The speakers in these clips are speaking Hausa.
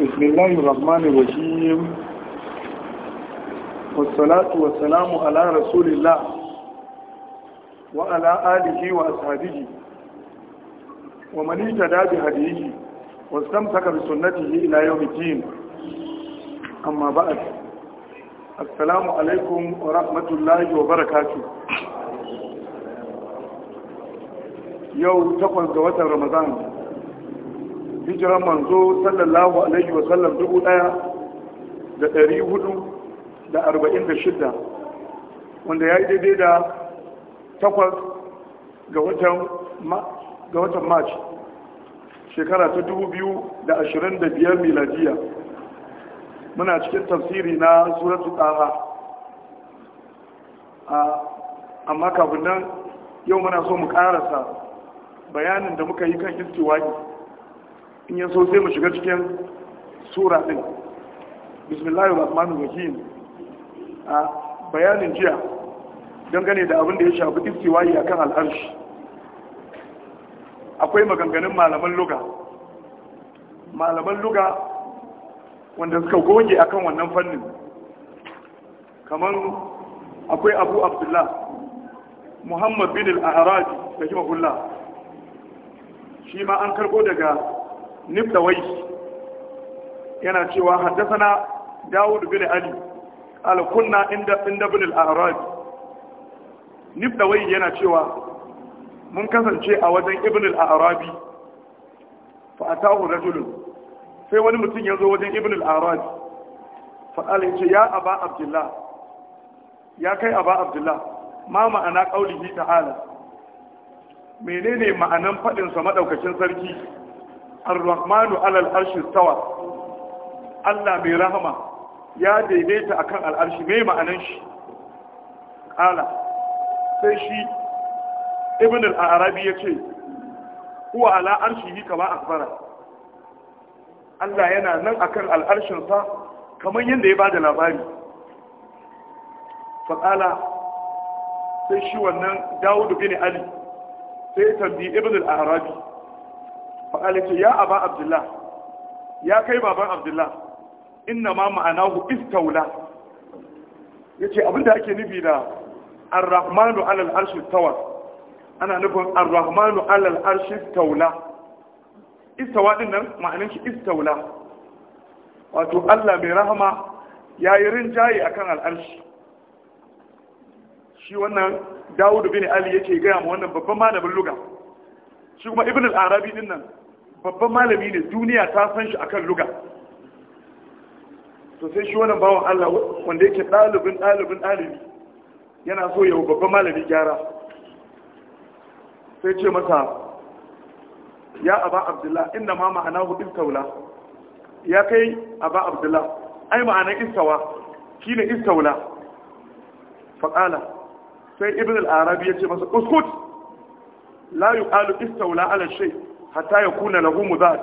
بسم الله الرحمن الرحيم والصلاة والسلام على رسول الله وعلى آله وأصحابه ومن اهتدى بهديه واستمسك بسنته إلى يوم الدين أما بعد السلام عليكم ورحمة الله وبركاته يوم تقوى رمضان hijiran manzo sallallahu alaihi wa sallam dubu daya da dari hudu da arba'in da shida wanda ya yi daidai da takwas ga watan march shekara ta dubu biyu da ashirin da biyar miladiya muna cikin tafsiri na suratu tsaha amma kafin nan yau muna so mu karasa bayanin da muka yi kan istiwaki in ya so sai mu shiga cikin sura din bismillahir rahmanir rahim a bayanin jiya dangane da abin da ya shafi istiwayi akan al'arshi akwai maganganun malaman luga malaman luga wanda suka goge akan wannan fannin kamar akwai abu abdullah muhammad bin al da shi ma an karbo daga nibdawai yana cewa haddasana dawud bin ali Alkunna, inda inda bin al-a'raj nibdawai yana cewa mun kasance a wajen ibn al-arabi fa atahu rajulun sai wani mutum ya zo wajen ibn al-arabi fa qala ya aba abdullah ya kai aba abdullah ma ma'ana qaulihi ta'ala menene ma'anan faɗinsa maɗaukacin sarki ar-rahmanu alal arshi tawa Allah mai rahama ya daidaita akan al'arshi mai ma'anan shi ala sai shi ibn al-arabi yace huwa ala arshihi kama akbara Allah yana nan akan al'arshin sa kamar yadda ya bada labari faqala sai shi wannan Dawud bin Ali sai tambayi ibn al-arabi faƙala ce ya aba abdullah ya kai baban abdullah inna ma ma'anahu istaula ya ce abinda ake nufi da arrahmanu alal arshi tawa ana nufin arrahmanu alal arshi taula istawa din nan ma'anin shi istaula wato allah mai rahama ya yi rinjaye a kan al'arshi shi wannan dawudu bin ali yake gaya ma wannan babban malamin luga shi kuma ibn al-arabi din nan babban malami ne duniya ta san shi akan luga to sai shi wannan bawan Allah wanda yake ɗalibin ɗalibin ɗalibi yana so yau babban malami gyara sai ce masa ya aba abdullah inna ma ma'ana ma'anahu istaula ya kai aba abdullah ai ma'anar istawa ne istaula faqala sai ibn al-arabi ce masa uskut la yuqalu istaula ala shay' hatta ya kuna lahu muzad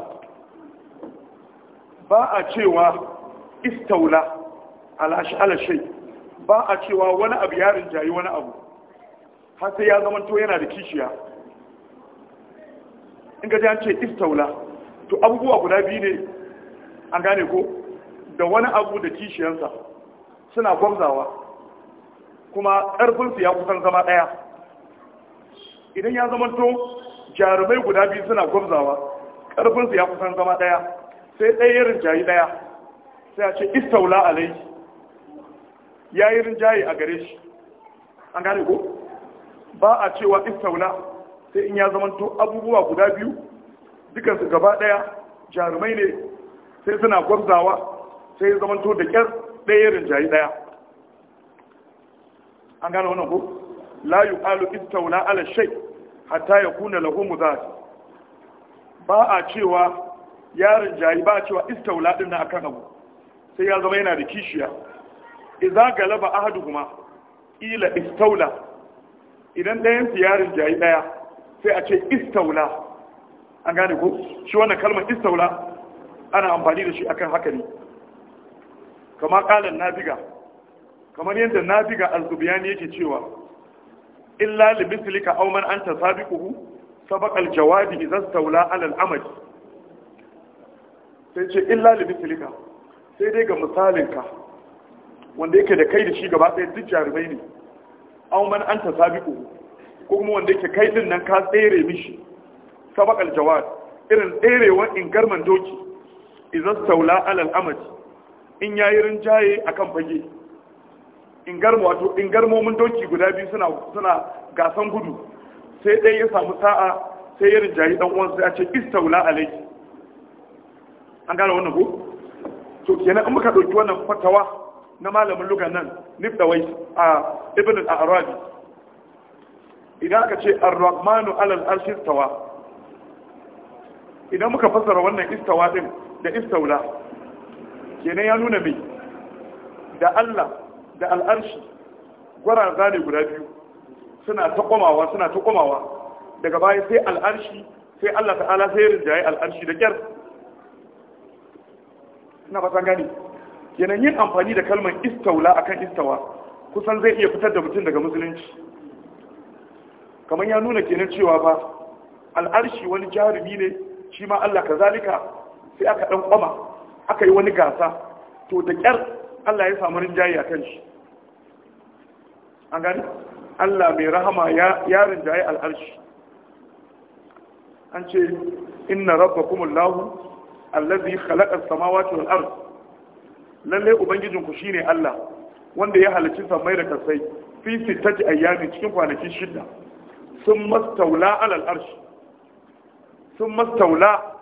ba a cewa istaula ala shay ba a cewa wani abu ya rinjayi wani abu har sai ya zamanto yana da kishiya in ga an ce istaula to abubuwa guda biyu ne an gane ko da wani abu da kishiyansa suna gwamzawa kuma ƙarfinsu ya kusan zama ɗaya idan ya zamanto jarumai guda biyu suna gwamzawa ƙarfinsu ya kusan zama ɗaya sai ɗaya ya rinjayi ɗaya sai a ce istaula alai ya yi rinjaye a gare shi an gane ko ba a cewa istaula sai in ya zamanto abubuwa guda biyu dukansu gaba ɗaya jarumai ne sai suna gwamzawa sai ya zamanto da ƙyar ɗaya ya rinjayi ɗaya an gane wannan ko la yuqalu istaula ala shay' hatta ya kuna lahu muzat ba a cewa yarin jayi ba a cewa istaula din na akan abu sai ya zama yana da kishiya idza galaba kuma? ila istaula idan ɗayansu su yarin jayi daya sai a ce istaula an gane ko shi wannan kalmar istaula ana amfani da shi akan haka ne kamar kalan nafiga kamar yadda nafiga al-zubiyani yake cewa illa li mislika aw man anta sabiquhu sabaqa al jawabi idza stawla ala al sai ce illa li mislika sai dai ga misalinka wanda yake da kai da shi gaba sai duk jarumai ne aw man anta sabiquhu ko kuma wanda yake kai din nan ka tsere mishi sabaqa al jawab irin tserewan ingarman doki idza stawla ala al amad in yayi rinjaye akan fage ingarmo wato ingarmomin doki guda biyu suna suna gasan gudu sai dai ya samu sa'a sai ya rinjayi dan uwan sai a ce istaula alai an gane wannan ko to kenan in muka dauki wannan fatawa na malamin lugan nan nifdawai a ibn al-arabi idan aka ce ar-rahmanu alal arshi istawa idan muka fassara wannan istawa din da istaula kenan ya nuna mai da Allah da al'arshi gwaraza ne guda biyu suna ta komawa suna ta komawa daga baya sai al'arshi sai Allah ta'ala sai rinjaye al'arshi da kyar suna ba gani yanayin yin amfani da kalmar istaula akan istawa kusan zai iya fitar da mutum daga musulunci kamar ya nuna kenan cewa ba al'arshi wani jarumi ne shi ma Allah ka kazalika sai aka ɗan kwama aka yi wani gasa to da kyar Allah ya samu rinjaye a kan shi an gani Allah mai rahama ya yarin da ya al'arshi an ce inna rabbakumullahu allazi khalaqa samawati wal ard lalle ubangijin ku shine Allah wanda ya halicci samai da kasai fi sittati ayyami cikin kwanaki shida sun mastaula alal arshi sun mastaula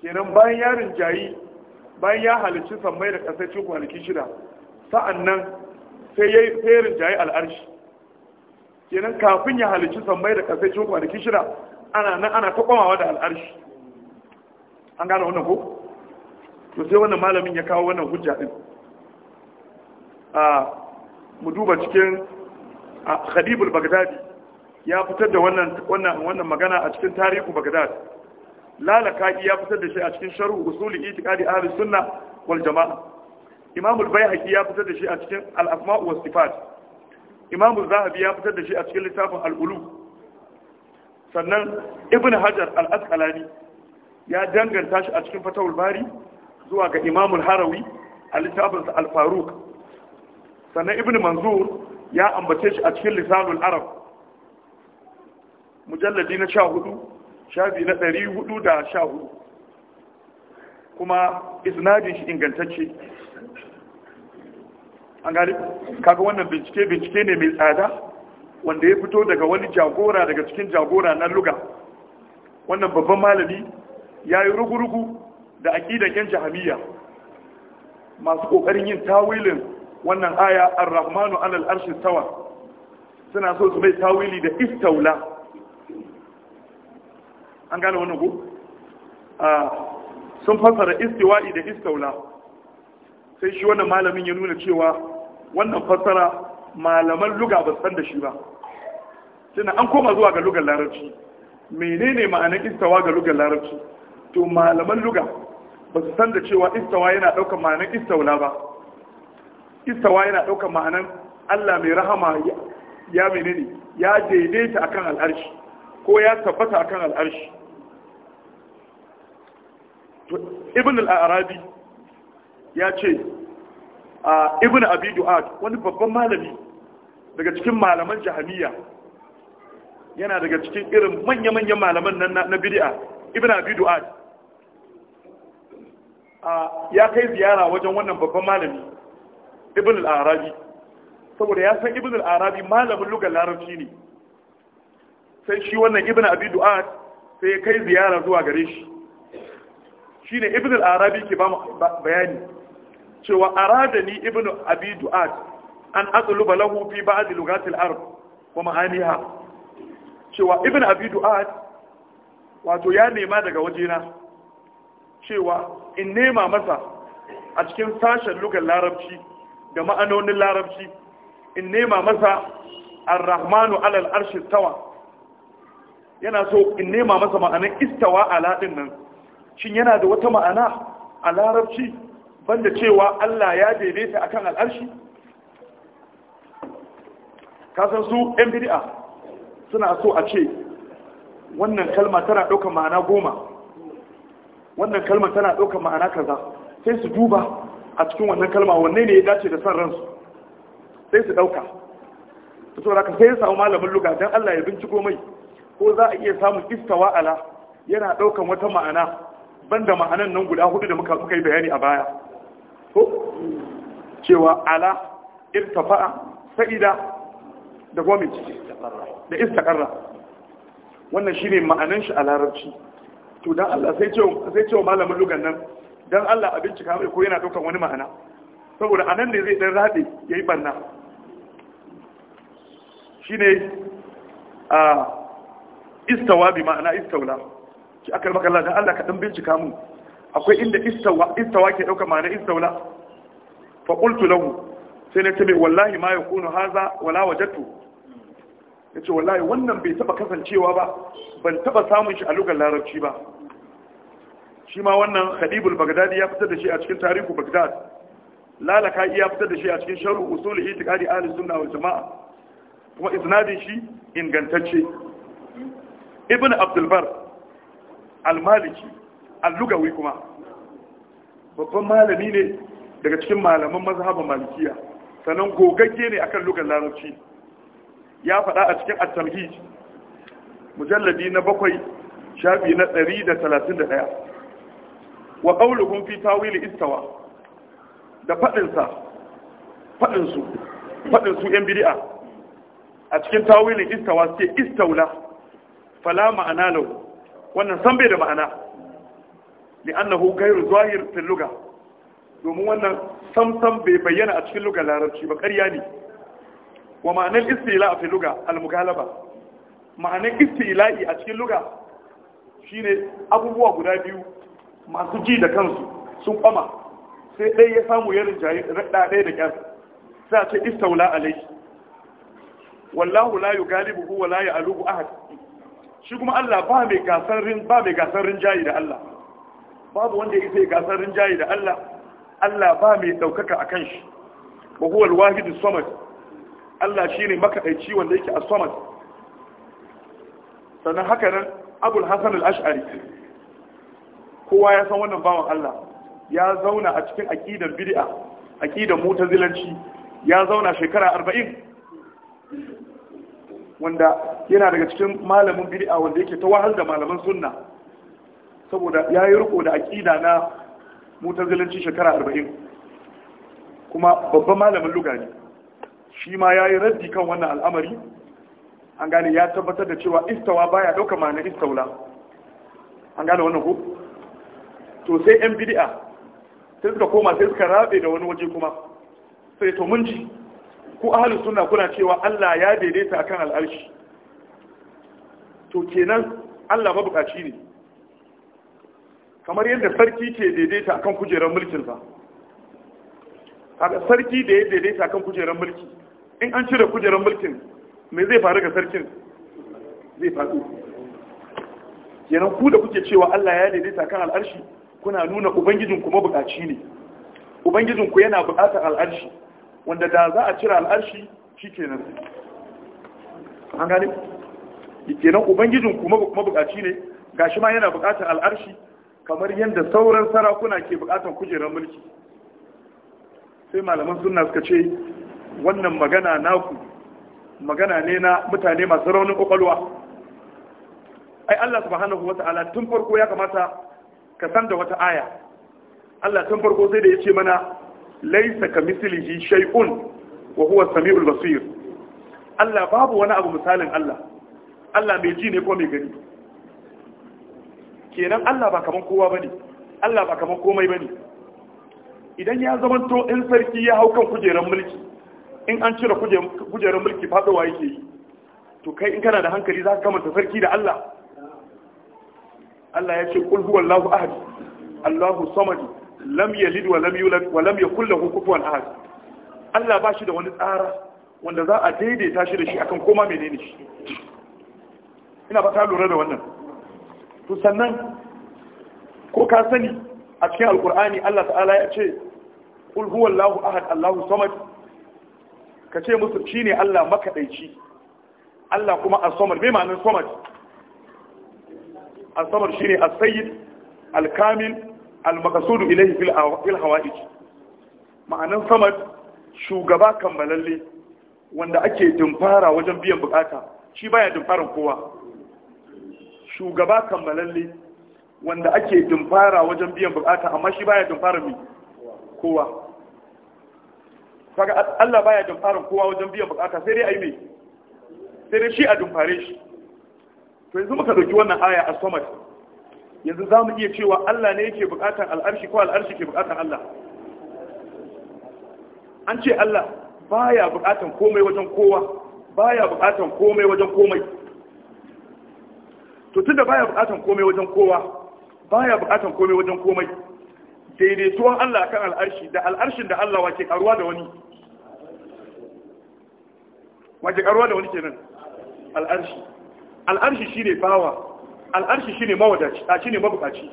kenan bayan yarin jayi bayan ya halicci samai da kasai cikin kwanaki shida sa'annan sai ya yi tserin jayi al'arshi kenan kafin ya halicci sammai da kasai cikin kwanaki shida ana nan ana ta da al'arshi an gane wannan ko to sai wannan malamin ya kawo wannan hujja din a mu duba cikin khadibul bagdadi ya fitar da wannan wannan wannan magana a cikin tarihu bagdad lalaka ya fitar da shi a cikin sharhu usuli itiqadi ahlus sunna wal jama'a Imamul al-bayhaqi ya fitar da shi a cikin al-asma wa sifat zahabi ya fitar da shi a cikin littafin al sannan ibn hajar al-asqalani ya danganta shi a cikin fatawul bari zuwa ga Imamul harawi a littafin al-faruq sannan ibn manzur ya ambace shi a cikin lisanul arab mujalladi na 14 shafi na 414 kuma isnadin shi ingantacce an gari kaga wannan bincike bincike ne mai tsada wanda ya fito daga wani jagora daga cikin jagora na luga wannan babban malami ya yi rugu-rugu da aƙidan yan jahamiya masu ƙoƙarin yin tawilin wannan aya ar-rahmanu alal arshin tawa suna so su mai tawili da istaula an gane wannan ku ah, sun fassara istiwa'i da istaula sai shi wannan malamin ya nuna cewa wannan fassara malaman luga ba san da shi ba tana an koma zuwa ga lugar larabci menene ma'anar istawa ga lugar larabci to malaman luga ba su san da cewa istawa yana daukar ma'anar istawa ba istawa yana daukar ma'anar allah mai rahama ya menene ya daidaita akan al'arshi ko ya tabbata akan al'arshi ibn al-arabi ya ce ibn abi du'ad wani babban malami daga cikin malaman jahamiya yana daga cikin irin manya-manyan malaman nan na bid'a ibn abi du'ad ya kai ziyara wajen wannan babban malami ibn al-arabi saboda ya san ibn al-arabi malamin lugar larabci ne sai shi wannan ibn abi du'ad sai ya kai ziyara zuwa gare shi shine ibn al-arabi ke ba bayani cewa aradani Ibn abi du'at an aqluba lahu fi ba'd lughat al-arab wa ma'aniha cewa Ibn abi du'at wato ya nema daga wajena cewa in nema masa a cikin sashen lugar larabci da ma'anonin larabci in nema masa ar-rahmanu alal arshi tawa yana so in nema masa ma'anar istawa ala din nan shin yana da wata ma'ana a larabci banda cewa Allah ya daidaita akan al'arshi kasan su yan bid'a suna so a ce wannan kalma tana ɗaukar ma'ana goma wannan kalma tana ɗaukar ma'ana kaza sai su duba a cikin wannan kalma wanne ne ya dace da san ransu sai su ɗauka su so ka sai ya samu malamin luga don Allah ya binciko mai ko za a iya samun istawa ala yana ɗaukan wata ma'ana banda ma'anan nan guda hudu da muka yi bayani a baya ko cewa ala irtafa'a sa'ida da gomin da istakarra wannan shine ma'anan shi a larabci to dan Allah sai ce sai ce malamin lugan nan dan Allah a bincika mai ko yana daukar wani ma'ana saboda anan ne zai dan rabe yayi barna shine a istawa bi ma'ana istawla ki akal makalla dan Allah ka dan bincika mu akwai inda istawa ke ɗauka ma'ana istawla fa qultu lahu sai na ce wallahi ma yakunu haza wala wajatu yace wallahi wannan bai taba kasancewa ba ban taba samun shi a lugar larabci ba shi ma wannan khadibul bagdadi ya fitar da shi a cikin tarihu bagdad lalaka ya fitar da shi a cikin sharh usul itiqadi ahli sunna wal jamaa kuma isnadin shi ingantacce ibn abdul bar al-maliki allugawi kuma babban malami ne daga cikin malaman mazhaban malikiya sannan gogagge ne akan lugar larabci ya faɗa a cikin at-tamhid mujalladi na bakwai shafi na 131 wa qauluhum fi tawil istawa da fadin sa faɗin su faɗin su yan bid'a a cikin tawilin istawa sai istaula fala ma'ana lahu wannan san bai da ma'ana li'annahu ghayru zahir fil lugha domin wannan samsam bai bayyana a cikin lugar larabci ba ƙarya ne wa ma'anar istila a fi luga al-mughalaba ma'anar istila'i a cikin luga shine abubuwa guda biyu masu ji da kansu sun kwama sai ɗaya ya samu ya rinjaye da ɗaya da ƙyar sai a ce istaula alai wallahu la yugalibu huwa la ya'lubu ahad shi kuma Allah ba mai gasar ba mai gasar rinjaye da Allah babu wanda ya sai gasar rinjayi da Allah Allah ba mai daukaka akan shi wa huwa al-wahid samad Allah shine makadaici wanda yake as-samad sannan haka nan Abul Hasan al-Ash'ari kowa ya san wannan bawan Allah ya zauna a cikin aqidar bid'a aqidar mutazilanci ya zauna shekara 40 wanda yana daga cikin malamin bid'a wanda yake ta wahal da malaman sunna saboda ya yi riko da aƙida na mutazilanci shekara arba'in kuma babban malamin luga ne shi ma ya yi raddi kan wannan al'amari an gane ya tabbatar da cewa istawa baya ɗauka ma na istaula an gane wannan ko to sai yan bidi'a sai suka koma sai suka rabe da wani waje kuma sai to mun ji ku ahalin suna kuna cewa Allah ya daidaita akan al'arshi to kenan Allah mabukaci ne kamar yadda sarki ke daidaita akan kujerar mulkin ba, kaga sarki da ya daidaita akan kujerar mulki in an cire kujerar mulkin me zai faru ga sarkin zai faru kenan ku da kuke cewa Allah ya daidaita kan al'arshi kuna nuna ubangijin kuma bukaci ne ubangijin ku yana bukatar al'arshi wanda da za a cire al'arshi shikenan an gane kenan ubangijin kuma bukaci ne gashi ma yana bukatar al'arshi kamar yadda sauran sarakuna ke bukatar kujerar mulki sai malaman suna suka ce wannan magana naku magana ne na mutane masu raunin kwakwalwa ai Allah subhanahu wata'ala tun farko ya kamata ka san da wata aya Allah tun farko sai da ya ce mana laisa ka mislihi shay'un wa huwa samiul basir Allah babu wani abu misalin Allah Allah mai ji ne ko mai gani kenan Allah ba kaman kowa bane Allah ba kaman komai bane idan ya zama to in sarki ya hau kan kujerar mulki in an cire kujerar mulki fadowa yake yi to kai in kana da hankali za ka kamanta sarki da Allah Allah ya ce kul huwallahu ahad Allahu samad lam yalid wa lam yulad wa lam yakul lahu kufuwan ahad Allah ba shi da wani tsara wanda za a daidaita shi da shi akan koma menene shi ina ba ta lura da wannan to sannan ko ka sani a cikin alkur'ani Allah ta'ala ya ce kul huwallahu ahad Allahu samad ka ce musu shi ne Allah makaɗaici. Allah kuma as-samad me ma'anin samad as-samad ne as-sayyid al-kamil al makasudu ilayhi fil hawa'ij Ma'anin samad shugaba kammalalle wanda ake dimfara wajen biyan bukata shi baya dumfarin kowa shugaba kammalalle wanda ake dumfara wajen biyan bukata amma shi baya dumfara mai kowa kaga Allah baya dumfara kowa wajen biyan bukata sai dai ai sai dai shi a dumfare shi to yanzu muka dauki wannan aya a samad yanzu zamu iya cewa Allah ne yake bukatan al'arshi ko al'arshi ke bukatan Allah an ce Allah baya bukatan komai wajen kowa baya bukatan komai wajen komai to tun da baya bukatan komai wajen kowa baya bukatan komai wajen komai daidaituwan Allah kan al'arshi da al'arshin da Allah wace karuwa da wani wace karuwa da wani kenan al'arshi al'arshi shine bawa al'arshi shine mawadaci a shine mabukaci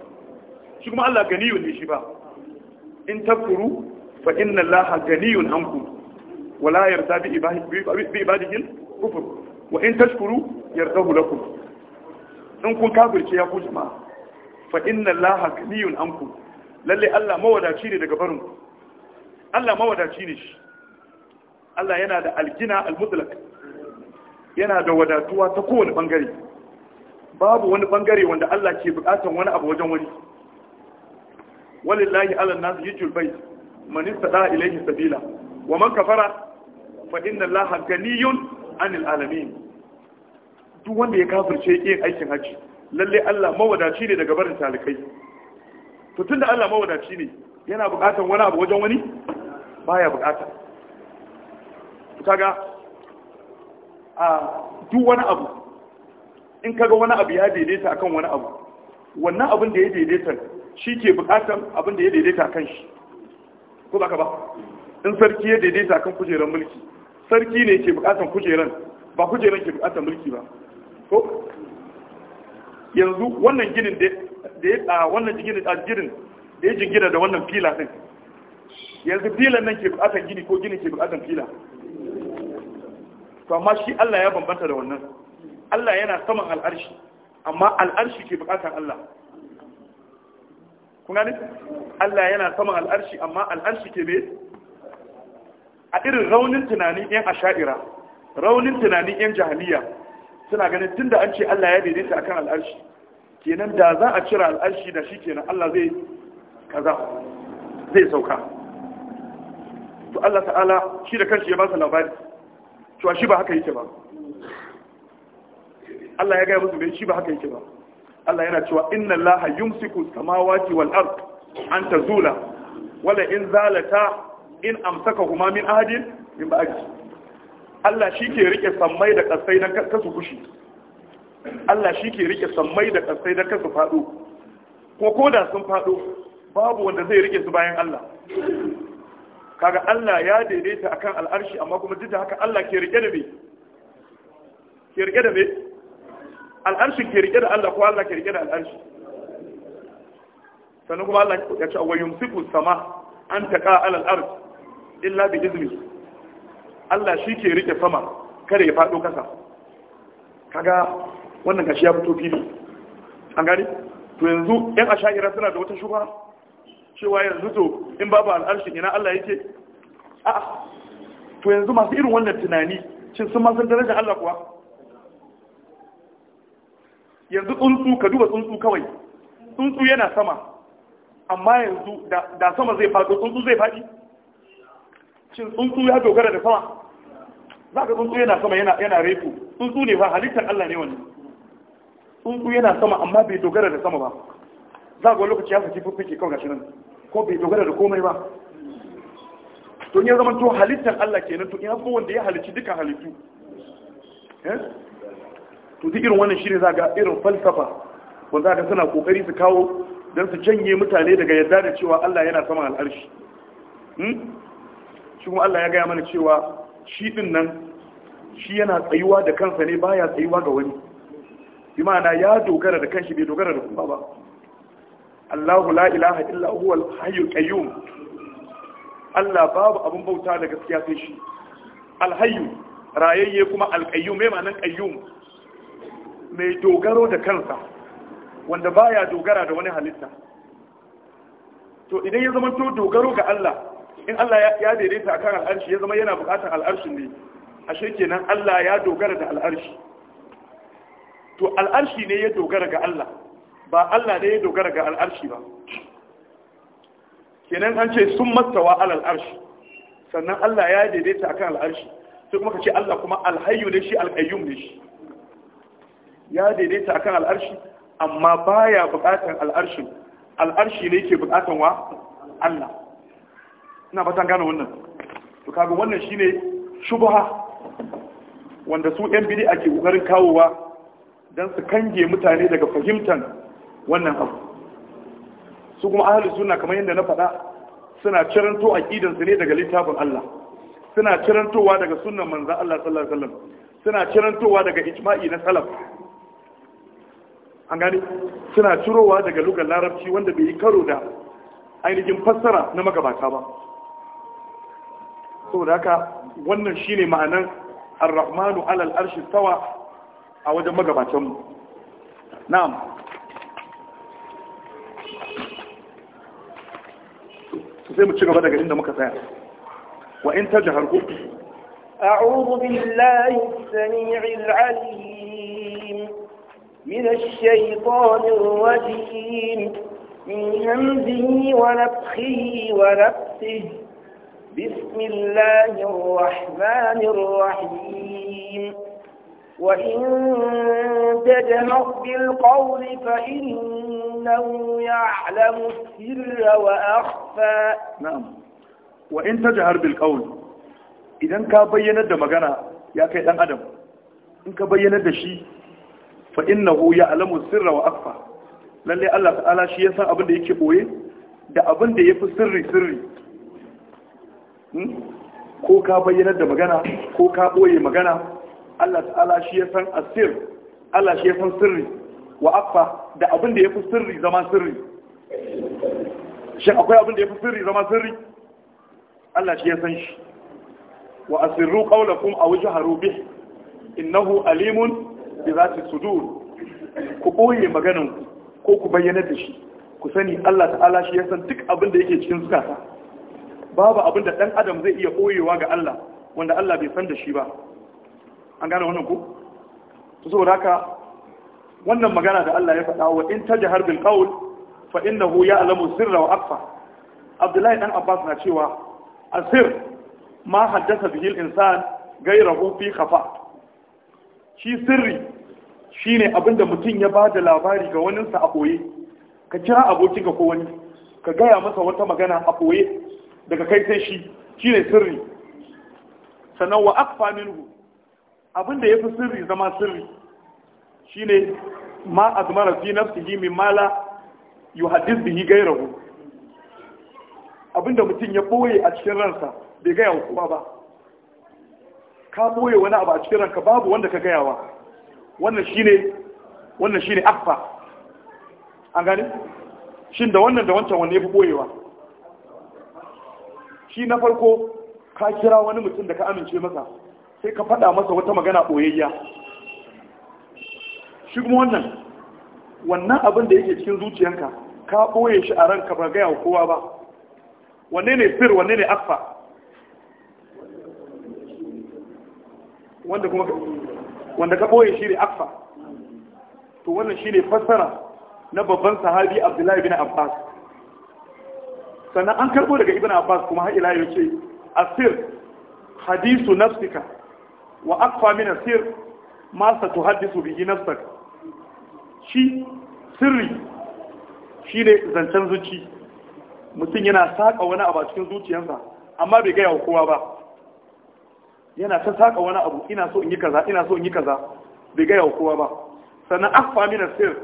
shi kuma Allah ganiyun ne shi ba in takfuru fa inna Allah ganiyun ankum wala yarda bi ibadihi kufur wa in tashkuru yardahu lakum in kun kafirce ya ku jama'a fa inna allaha ghaniyun ankum lalle Allah mawadaci ne daga barin Allah mawadaci ne shi Allah yana da algina almutlaq yana da wadatuwa ta kowane bangare babu wani bangare wanda Allah ke bukatan wani abu wajen wani walillahi ala nas yajul bayt man istada ilayhi sabila wa man kafara fa inna allaha ganiyun anil alamin duk wanda ya kafirce yin aikin haji lalle Allah mawadaci ne daga barin talikai to tunda Allah mawadaci ne yana bukatan wani abu wajen wani baya bukata kaga a duk wani abu in kaga wani abu ya daidaita akan wani abu wannan abin da ya daidaita shi ke bukatan abin da ya daidaita akan shi ko baka ba in sarki ya daidaita akan kujerar mulki sarki ne ke bukatan kujerar ba kujerar ke bukatan mulki ba ko yanzu wannan ginin da ya a wannan ginin da jirin da ya jingina da wannan fila din yanzu filan nan ke bukatan gini ko gini ke bukatan fila to amma shi Allah ya bambanta da wannan Allah yana saman al'arshi amma al'arshi ke bukatan Allah kun gani Allah yana saman al'arshi amma al'arshi ke me a irin raunin tunani yan asha'ira raunin tunani yan jahiliya suna ganin tunda an ce Allah ya daidaita akan al'arshi kenan da za a cira al'arshi da shi kenan Allah zai kaza zai sauka to Allah ta'ala shi da kanshi ya ba su labari a shi ba haka yake ba Allah ya gaya musu bai shi ba haka yake ba Allah yana cewa inna Allah yumsiku samawati wal ard an tazula wala in zalata in huma min ahadin min ba'di Allah shi ke riƙe sammai da ƙasai don kasu fushi Allah shi ke riƙe sammai da ƙasai don kasu faɗo ko ko da sun faɗo babu wanda zai riƙe su bayan Allah kaga Allah ya daidaita akan al'arshi amma kuma duk da haka Allah ke riƙe da me ke riƙe da me al'arshi ke riƙe da Allah ko Allah ke riƙe da al'arshi sannan kuma Allah ya ce wa yumsiku sama an taqa ala ard illa bi iznihi Allah shi ke rike sama kada ya faɗo ƙasa kaga wannan gashi ya fito fili an gani to yanzu yan asha'ira suna da wata shuba cewa yanzu to in babu al'arshi ina Allah yake a'a to yanzu masu irin wannan tunani cin sun masu darajar Allah kuwa yanzu tsuntsu ka duba tsuntsu kawai tsuntsu yana sama amma yanzu da sama zai faɗo tsuntsu zai faɗi shin tsuntsu ya dogara da sama za ka tsuntsu yana sama yana reku tsuntsu ne ba halittar Allah ne wani tsuntsu yana sama amma bai dogara da sama ba za ga lokaci ya saki ke kawai gashi nan ko bai dogara da komai ba to ya zama to halittar Allah kenan to ina ko wanda ya halicci dukkan halittu eh? to duk irin wannan shine za irin falsafa wanda ga suna kokari su kawo don su janye mutane daga yadda da cewa Allah yana sama al'arshi hmm? shi kuma Allah ya gaya mana cewa shi din nan shi yana tsayuwa da kansa ne baya tsayuwa ga wani bi ma'ana ya dogara da kanshi bai dogara da kuma ba Allahu la ilaha illa huwa al-hayyul qayyum Allah babu abun bauta da gaskiya sai shi al-hayyu rayayye kuma al-qayyum mai ma'anan qayyum mai dogaro da kansa wanda baya dogara da wani halitta to idan ya zama to dogaro ga Allah in Allah ya daidaita akan al'arshi ya zama yana bukatar al'arshin ne ashe kenan Allah ya dogara da al'arshi to al'arshi ne ya dogara ga Allah ba Allah ne ya dogara ga al'arshi ba kenan an ce sun mastawa alal al'arshi, sannan Allah ya daidaita akan al'arshi sai kuma ka ce Allah kuma alhayyu ne shi alqayyum ne shi ya daidaita akan al'arshi amma baya bukatar al'arshin al'arshi ne yake bukatan wa Allah ina fatan gane wannan to kaga wannan shine shubha wanda su yan bid'a ke kokarin kawowa dan su kange mutane daga fahimtar wannan abu su kuma ahli sunna kamar yadda na faɗa suna ciranto aqidan su ne daga littafin Allah suna cirantowa daga sunnan manzon Allah sallallahu alaihi wasallam suna cirantowa daga ijma'i na salaf an gani suna cirowa daga lugar larabci wanda bai yi karo da ainihin fassara na magabata ba saboda haka wannan shine ma'anan ar-rahmanu alal arshi tawa a wajen magabatan mu na'am sai mu ci gaba daga inda muka tsaya wa in tajhar ku a'udhu billahi as-sami'il 'alim min ash-shaytanir rajim min hamzihi wa nafthihi wa nafthihi بسم الله الرحمن الرحيم وإن تجهر بالقول فإنه يعلم السر وأخفى نعم وإن تجهر بالقول إذا كان بينا دمغنا يا كيدان أدم إن كان بينا دشي فإنه يعلم السر وأخفى lalle Allah ta'ala shi ya san abin da yake boye da abin da yafi sirri sirri Hmm? ko ka bayyanar da magana ko ka ɓoye magana Allah ta'ala shi ya san asir Allah shi ya san sirri wa Abba da abin da ya fi sirri zama sirri shin akwai abin da ya fi sirri zama sirri Allah shi ya san shi wa asirru qawlakum aw jaharu bih innahu alimun bi zati sudur ku boye maganan ku ko ku bayyana da shi ku sani Allah ta'ala shi ya san duk abin da yake cikin zukata babu abin da ɗan adam zai iya koyewa ga Allah wanda Allah bai san da shi ba an gane wannan ku to saboda wannan magana da Allah ya faɗa wa in ta bil harbin fa innahu ya'lamu sirra wa akfa Abdullahi dan Abbas na cewa asir ma haddasa bihi al-insan ghayrahu fi kafa. shi sirri shine abinda mutum ya ba da labari ga waninsa a boye ka kira abokinka ko wani ka gaya masa wata magana a boye daga kai sai shi shi ne sirri sannan wa akfa minhu abin da ya fi sirri zama sirri shi ne ma azmara fi nafsihi min mala yuhaddis bihi gairahu abin da mutum ya boye a cikin ransa bai gaya wa kowa ba ka boye wani abu a cikin ranka babu wanda ka gaya wa wannan shine wannan shine akfa an gani shin da wannan da wancan wanne ya fi boyewa shi na farko ka kira wani mutum da ka amince masa sai ka faɗa masa wata magana ɓoyayya shi kuma wannan wannan abin da yake cikin zuciyanka ka ɓoye shi a ranka ba gaya kowa ba wanne ne sir wanne ne akfa wanda kuma wanda ka ɓoye shi ne akfa to wannan shi ne fassara na babban sahabi abdullahi bin abbas sannan an karbo daga ibn abbas kuma har ila yau ce asir hadisu nafsika wa akfa min asir ma sa tuhaddisu bihi nafsak shi sirri ne zancen zuci mutum yana saka wani abu a cikin zuciyarsa amma bai gaya wa kowa ba yana ta saka wani abu ina so in yi kaza ina so in yi kaza bai gaya wa kowa ba sannan akfa min asir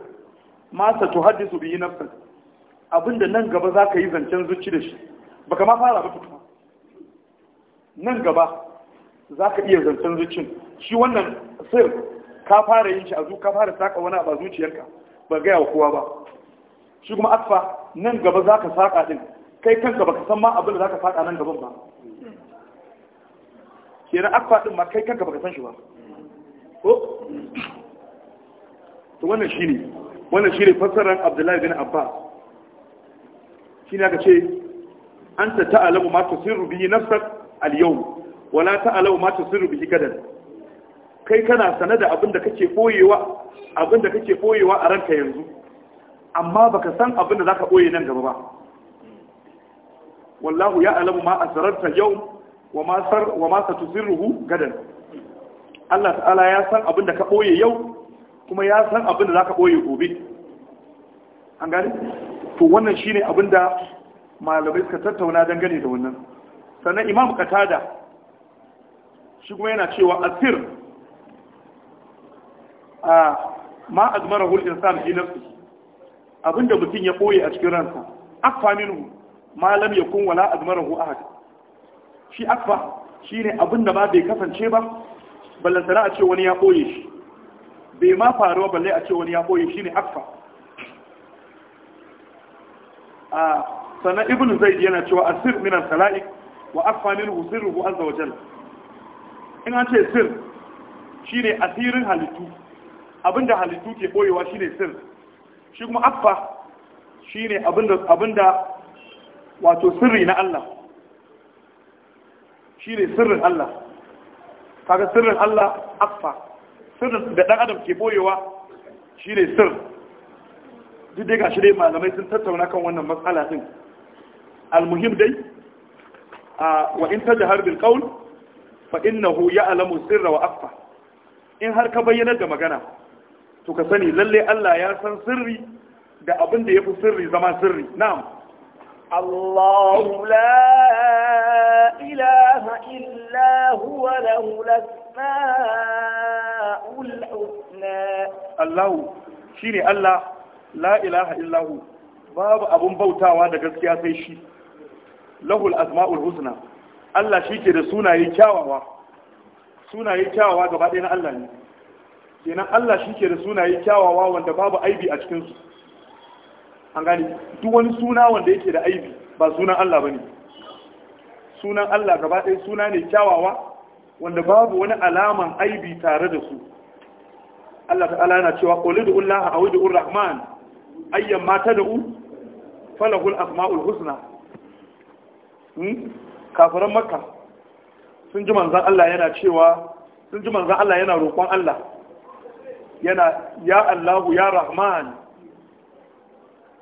ma sa tuhaddisu bihi nafsak abinda nan gaba za ka yi zancen zuci da shi ba ma fara ba fito nan gaba za ka iya zancen zucin shi wannan sir ka fara yin shi a zuka fara saka wani abu a zuciyarka ba gaya wa kowa ba shi kuma asfa nan gaba za ka saka din kai kanka ba ka san ma abin da za ka saka nan gaban ba kenan asfa din ma kai kanka ba ka san shi ba wannan shi ne fassarar Abdullahi bin Abbas shine aka ce an ta ta'alamu ma tusirru bihi nafsak al-yawm wa la ta'alamu ma tusirru bihi gadan kai kana sane da abin da kake boyewa abin da kake boyewa a ranka yanzu amma baka san abin da zaka boye nan gaba ba wallahu ya'lamu ma asrarta al-yawm wa ma sar wa ma satusirruhu gadan Allah ta'ala ya san abin da ka boye yau kuma ya san abin da zaka boye gobe an gane to wannan shine abin da malamai suka tattauna dangane da wannan sannan imam katada shi kuma yana cewa asir a ma azmara hulɗin sa da nafsi abinda mutum ya ɓoye a cikin ransa akfa minhu malam ya kun wala azmara hu ahad shi akfa shine abinda ba bai kasance ba ballantana a ce wani ya ɓoye shi bai ma faruwa balle a ce wani ya ɓoye shine akfa sannan ibn zaid yana cewa asir min al-khalaiq wa afa minhu sirruhu azza wa jalla in an ce sir shine asirin halittu abinda halittu ke boyewa shine sir shi kuma afa shine abinda abinda wato sirri na Allah shine sirrin Allah kaga sirrin Allah afa sirrin da dan adam ke boyewa shine sir duk dai gashi dai malamai sun tattauna kan wannan matsala din almuhim dai a wa in tajhar bil qawl fa innahu ya'lamu sirra wa akfa in har ka bayyana da magana to ka sani lalle Allah ya san sirri da abin da yafi sirri zama sirri na'am Allahu la ilaha illa huwa lahu lasma'ul husna Allahu shine Allah la ilaha illahu babu abun bautawa da gaskiya sai shi lahul asma'ul husna Allah shi ke da sunaye kyawawa sunaye kyawawa gaba ɗaya na Allah ne kenan Allah shi ke da sunaye kyawawa wanda babu aibi a cikinsu an gani duk wani suna wanda yake da aibi ba sunan Allah ba ne sunan Allah gaba ɗaya suna ne kyawawa wanda babu wani alaman aibi tare da su Allah ta'ala yana cewa qul ud'u Allah aw Rahman ayyan mata da'u falahul asma'ul husna hmm? kafiran makka sun ji manzan Allah yana cewa sun ji manzan Allah yana roƙon Allah yana ya Allahu ya Rahman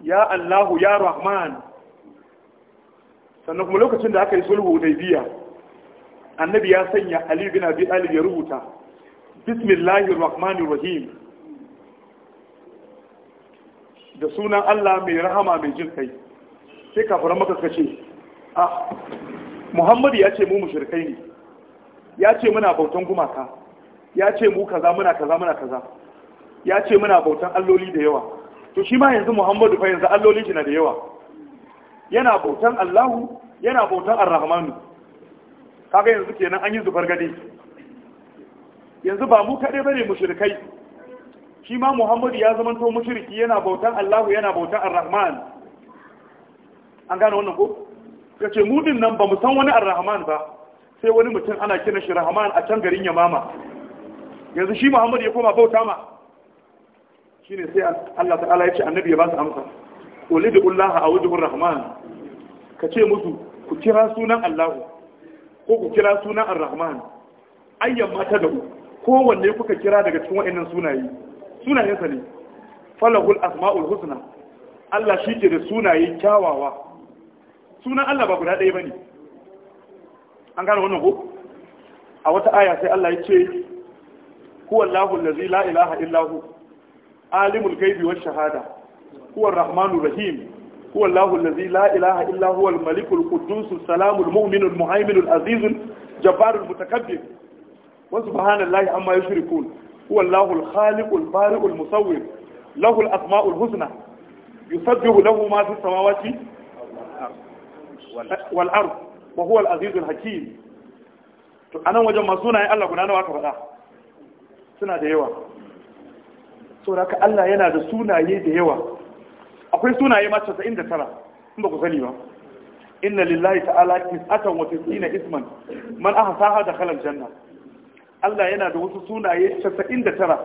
ya Allahu ya Rahman sannan kuma lokacin da aka yi sulhu biya, annabi ya sanya Ali bin Abi Talib ya rubuta bismillahir rahmanir rahim da sunan Allah mai rahama mai jin kai sai kafiran maka suka ce ah Muhammadu ya ce mu mushrikai ne ya ce muna bautan gumaka ya ce mu kaza muna kaza muna kaza ya ce muna bautan alloli da yawa to shi ma yanzu Muhammadu fa yanzu alloli shi na da yawa yana bautan Allahu yana bautan Ar-Rahmanu kaga yanzu kenan an yi zubar gade yanzu ba mu kaɗai bane mushrikai shi ma muhammadu ya zama to mushriki yana bautan allahu yana bautan ar-rahman an gane wannan ko ka ce mu din nan ba mu san wani ar-rahman ba sai wani mutum ana kina shi rahman a can garin yamama yanzu shi muhammadu ya koma bauta ma shine sai Allah ta'ala ya ce annabi ya ba su amsa ulidu ullaha awudu rahman ka ce musu ku kira sunan Allahu ko ku kira sunan Ar-Rahman ayyan mata da ku kowanne kuka kira daga cikin wa'annan sunaye sunayensa ne falahul asma'ul husna Allah shi ke da sunaye kyawawa sunan Allah ba guda ɗaya ba ne an gane wannan ku? a wata aya sai Allah ya ce huwa Allahu alimul ghaibi shahada huwa Rahmanu rahim huwa Allahu la ilaha illa malikul quddus as-salamul mu'minul muhaiminul azizul jabbarul mutakabbir wa subhanallahi amma yushrikun huwa Allahul khaliqul bari'ul musawwir lahul asma'ul husna yusabbihu lahu ma fis samawati wal ard wa huwa al hakim to anan wajen masu sunayen Allah guda nawa faɗa suna da yawa saboda Allah yana da sunaye da yawa akwai sunaye ma 99 in ba ku sani ba inna lillahi ta'ala tis'atan wa isman man ahsaha da al-janna Allah yana da wasu sunaye 99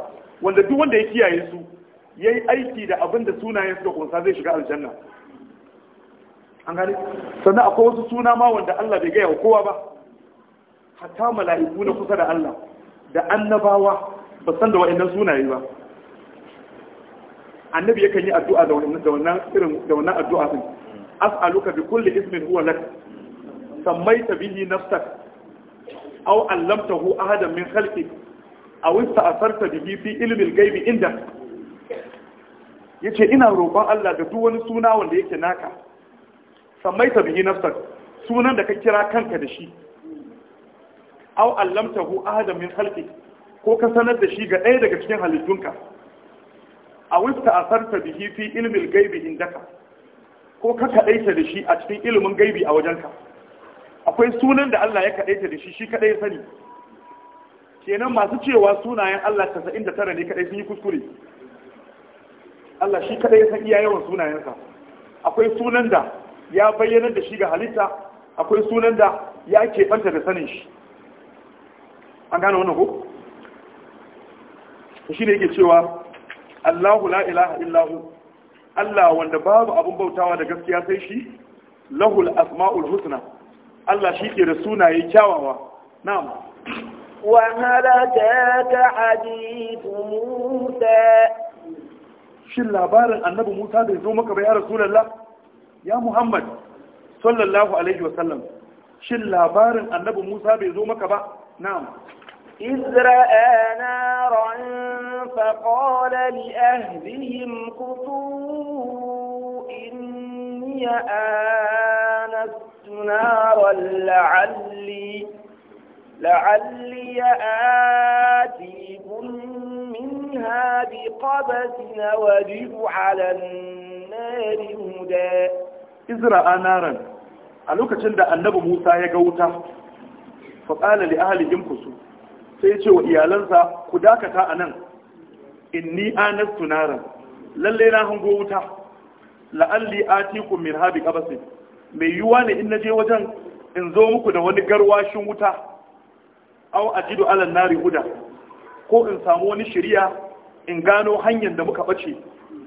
wanda duk wanda ya kiyaye su yayi aiki da abin da sunayen suka kunsa zai shiga aljanna an gani? sannan akwai wasu suna ma wanda Allah bai gaya wa kowa ba hatta mala'iku na kusa da Allah da annabawa ba san da wa'annan sunaye ba annabi yakan yi addu'a da wannan da wannan irin da wannan addu'a din as'aluka bi kulli ismin huwa lak sammaita bihi nafsak aw allamtahu ahadan min khalqik aw ista'sarta bihi fi ilmi al-ghaibi inda yace ina roƙon Allah da duk wani suna wanda yake naka sammaita bihi nafsak sunan da ka kira kanka da shi aw allamtahu ahadan min khalqik ko ka sanar da shi ga ɗaya daga cikin halittunka a wista a sarta da hifi ilimin gaibi indaka ko ka kaɗaita da shi a cikin ilmin gaibi a wajenka akwai sunan da Allah ya kaɗaita da shi shi kaɗai ya sani kenan masu cewa sunayen Allah 99 ne kaɗai sun yi kuskure Allah shi kaɗai ya san iya yawan sunayensa akwai sunan da ya bayyana da shi ga halitta akwai sunan da ya keɓanta da sanin shi an gane wannan ko shi ne yake cewa Allahu la ilaha illahu Allah wanda babu abin bautawa da gaskiya sai shi lahul asma'ul husna Allah shi ke da sunaye kyawawa na'am wa halaka hadithu Musa shin labarin annabi Musa da zo maka bai ya Rasulullah ya Muhammad sallallahu alaihi wa sallam shin labarin annabi Musa bai zo maka ba na'am إذرأ نارا فقال لأهلهم قطوا إني آنست نارا لعلي لعلي آتيكم منها بقبس وجب على النار هدى إزرع نارا ألوك تشند النبو موسى يقوتا فقال لأهل ينفسوا سيتي وإيالنسا كداكتا أنا إني آنست نارا للي ناهم قوتا la'alli atikum min habi qabasin mai yiwuwa ne in na je wajen in zo muku da wani garwashin wuta aw ajidu ala nari huda ko in samu wani shiriya in gano hanyar da muka bace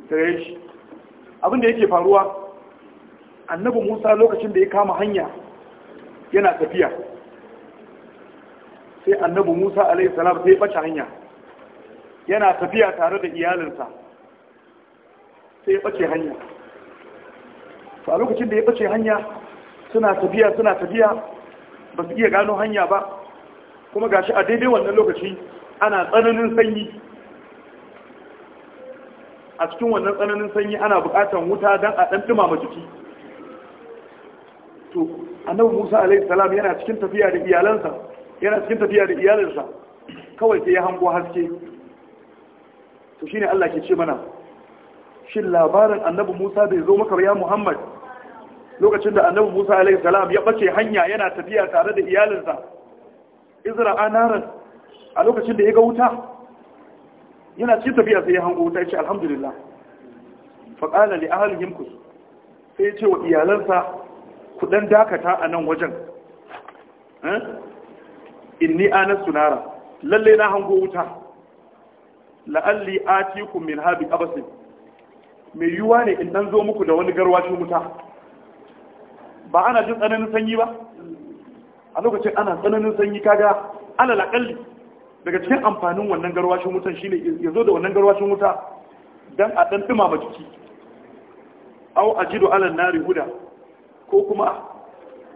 daga shi abin da yake faruwa annabi Musa lokacin da ya kama hanya yana tafiya sai annabi Musa alaihi salam sai ya bace hanya yana tafiya tare da iyalinsa sai ya bace hanya to a lokacin da ya bace hanya suna tafiya suna tafiya ba su iya gano hanya ba kuma gashi a daidai wannan lokaci ana tsananin sanyi a cikin wannan tsananin sanyi ana bukatan wuta don a ɗan dumama jiki to annabi Musa alaihi salam yana cikin tafiya da iyalansa yana cikin tafiya da iyalansa kawai sai ya hango haske to shine Allah ke ce mana shin labarin annabi Musa bai zo maka ya Muhammad lokacin da annabi Musa alaihi salam ya bace hanya yana tafiya tare da iyalinsa izra anaran a lokacin da ya ga wuta yana cikin tafiya sai ya hango wuta ya ce alhamdulillah fa qala li ahlihim kus sai ya ce wa iyalansa ku dan dakata a nan wajen eh inni anastu nara lalle na hango wuta la'alli atikum min habi abasin mai yuwa ne in dan zo muku da wani garwashin wuta ba ana jin tsananin sanyi ba a lokacin ana tsananin sanyi kaga alal akalli daga cikin amfanin wannan garwashin wutan shine ya zo da wannan garwashin wuta don a dan dumama jiki a jido alal nari huda ko kuma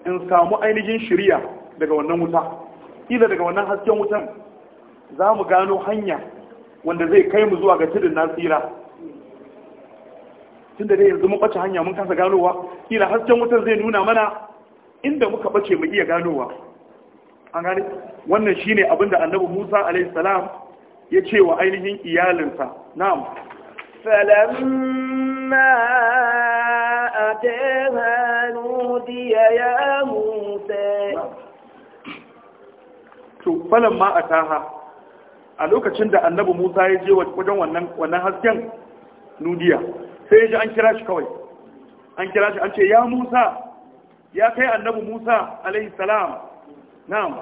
in samu ainihin shirya daga wannan wuta ila daga wannan hasken wutan za mu gano hanya wanda zai kai mu zuwa ga tudun nasira tunda dai yanzu mun bace hanya mun kasa ganowa kila hasken wutar zai nuna mana inda muka bace mu iya ganowa an gane wannan shine abin da annabi Musa alayhi salam ya ce wa ainihin iyalinsa na'am falamma ataha nudiya ya Musa to falamma ataha a lokacin da annabi Musa ya je wajen wannan wannan hasken nudiya sai ya ji an kira shi kawai an kira shi an ce ya musa ya kai annabu musa alaihi salam na'am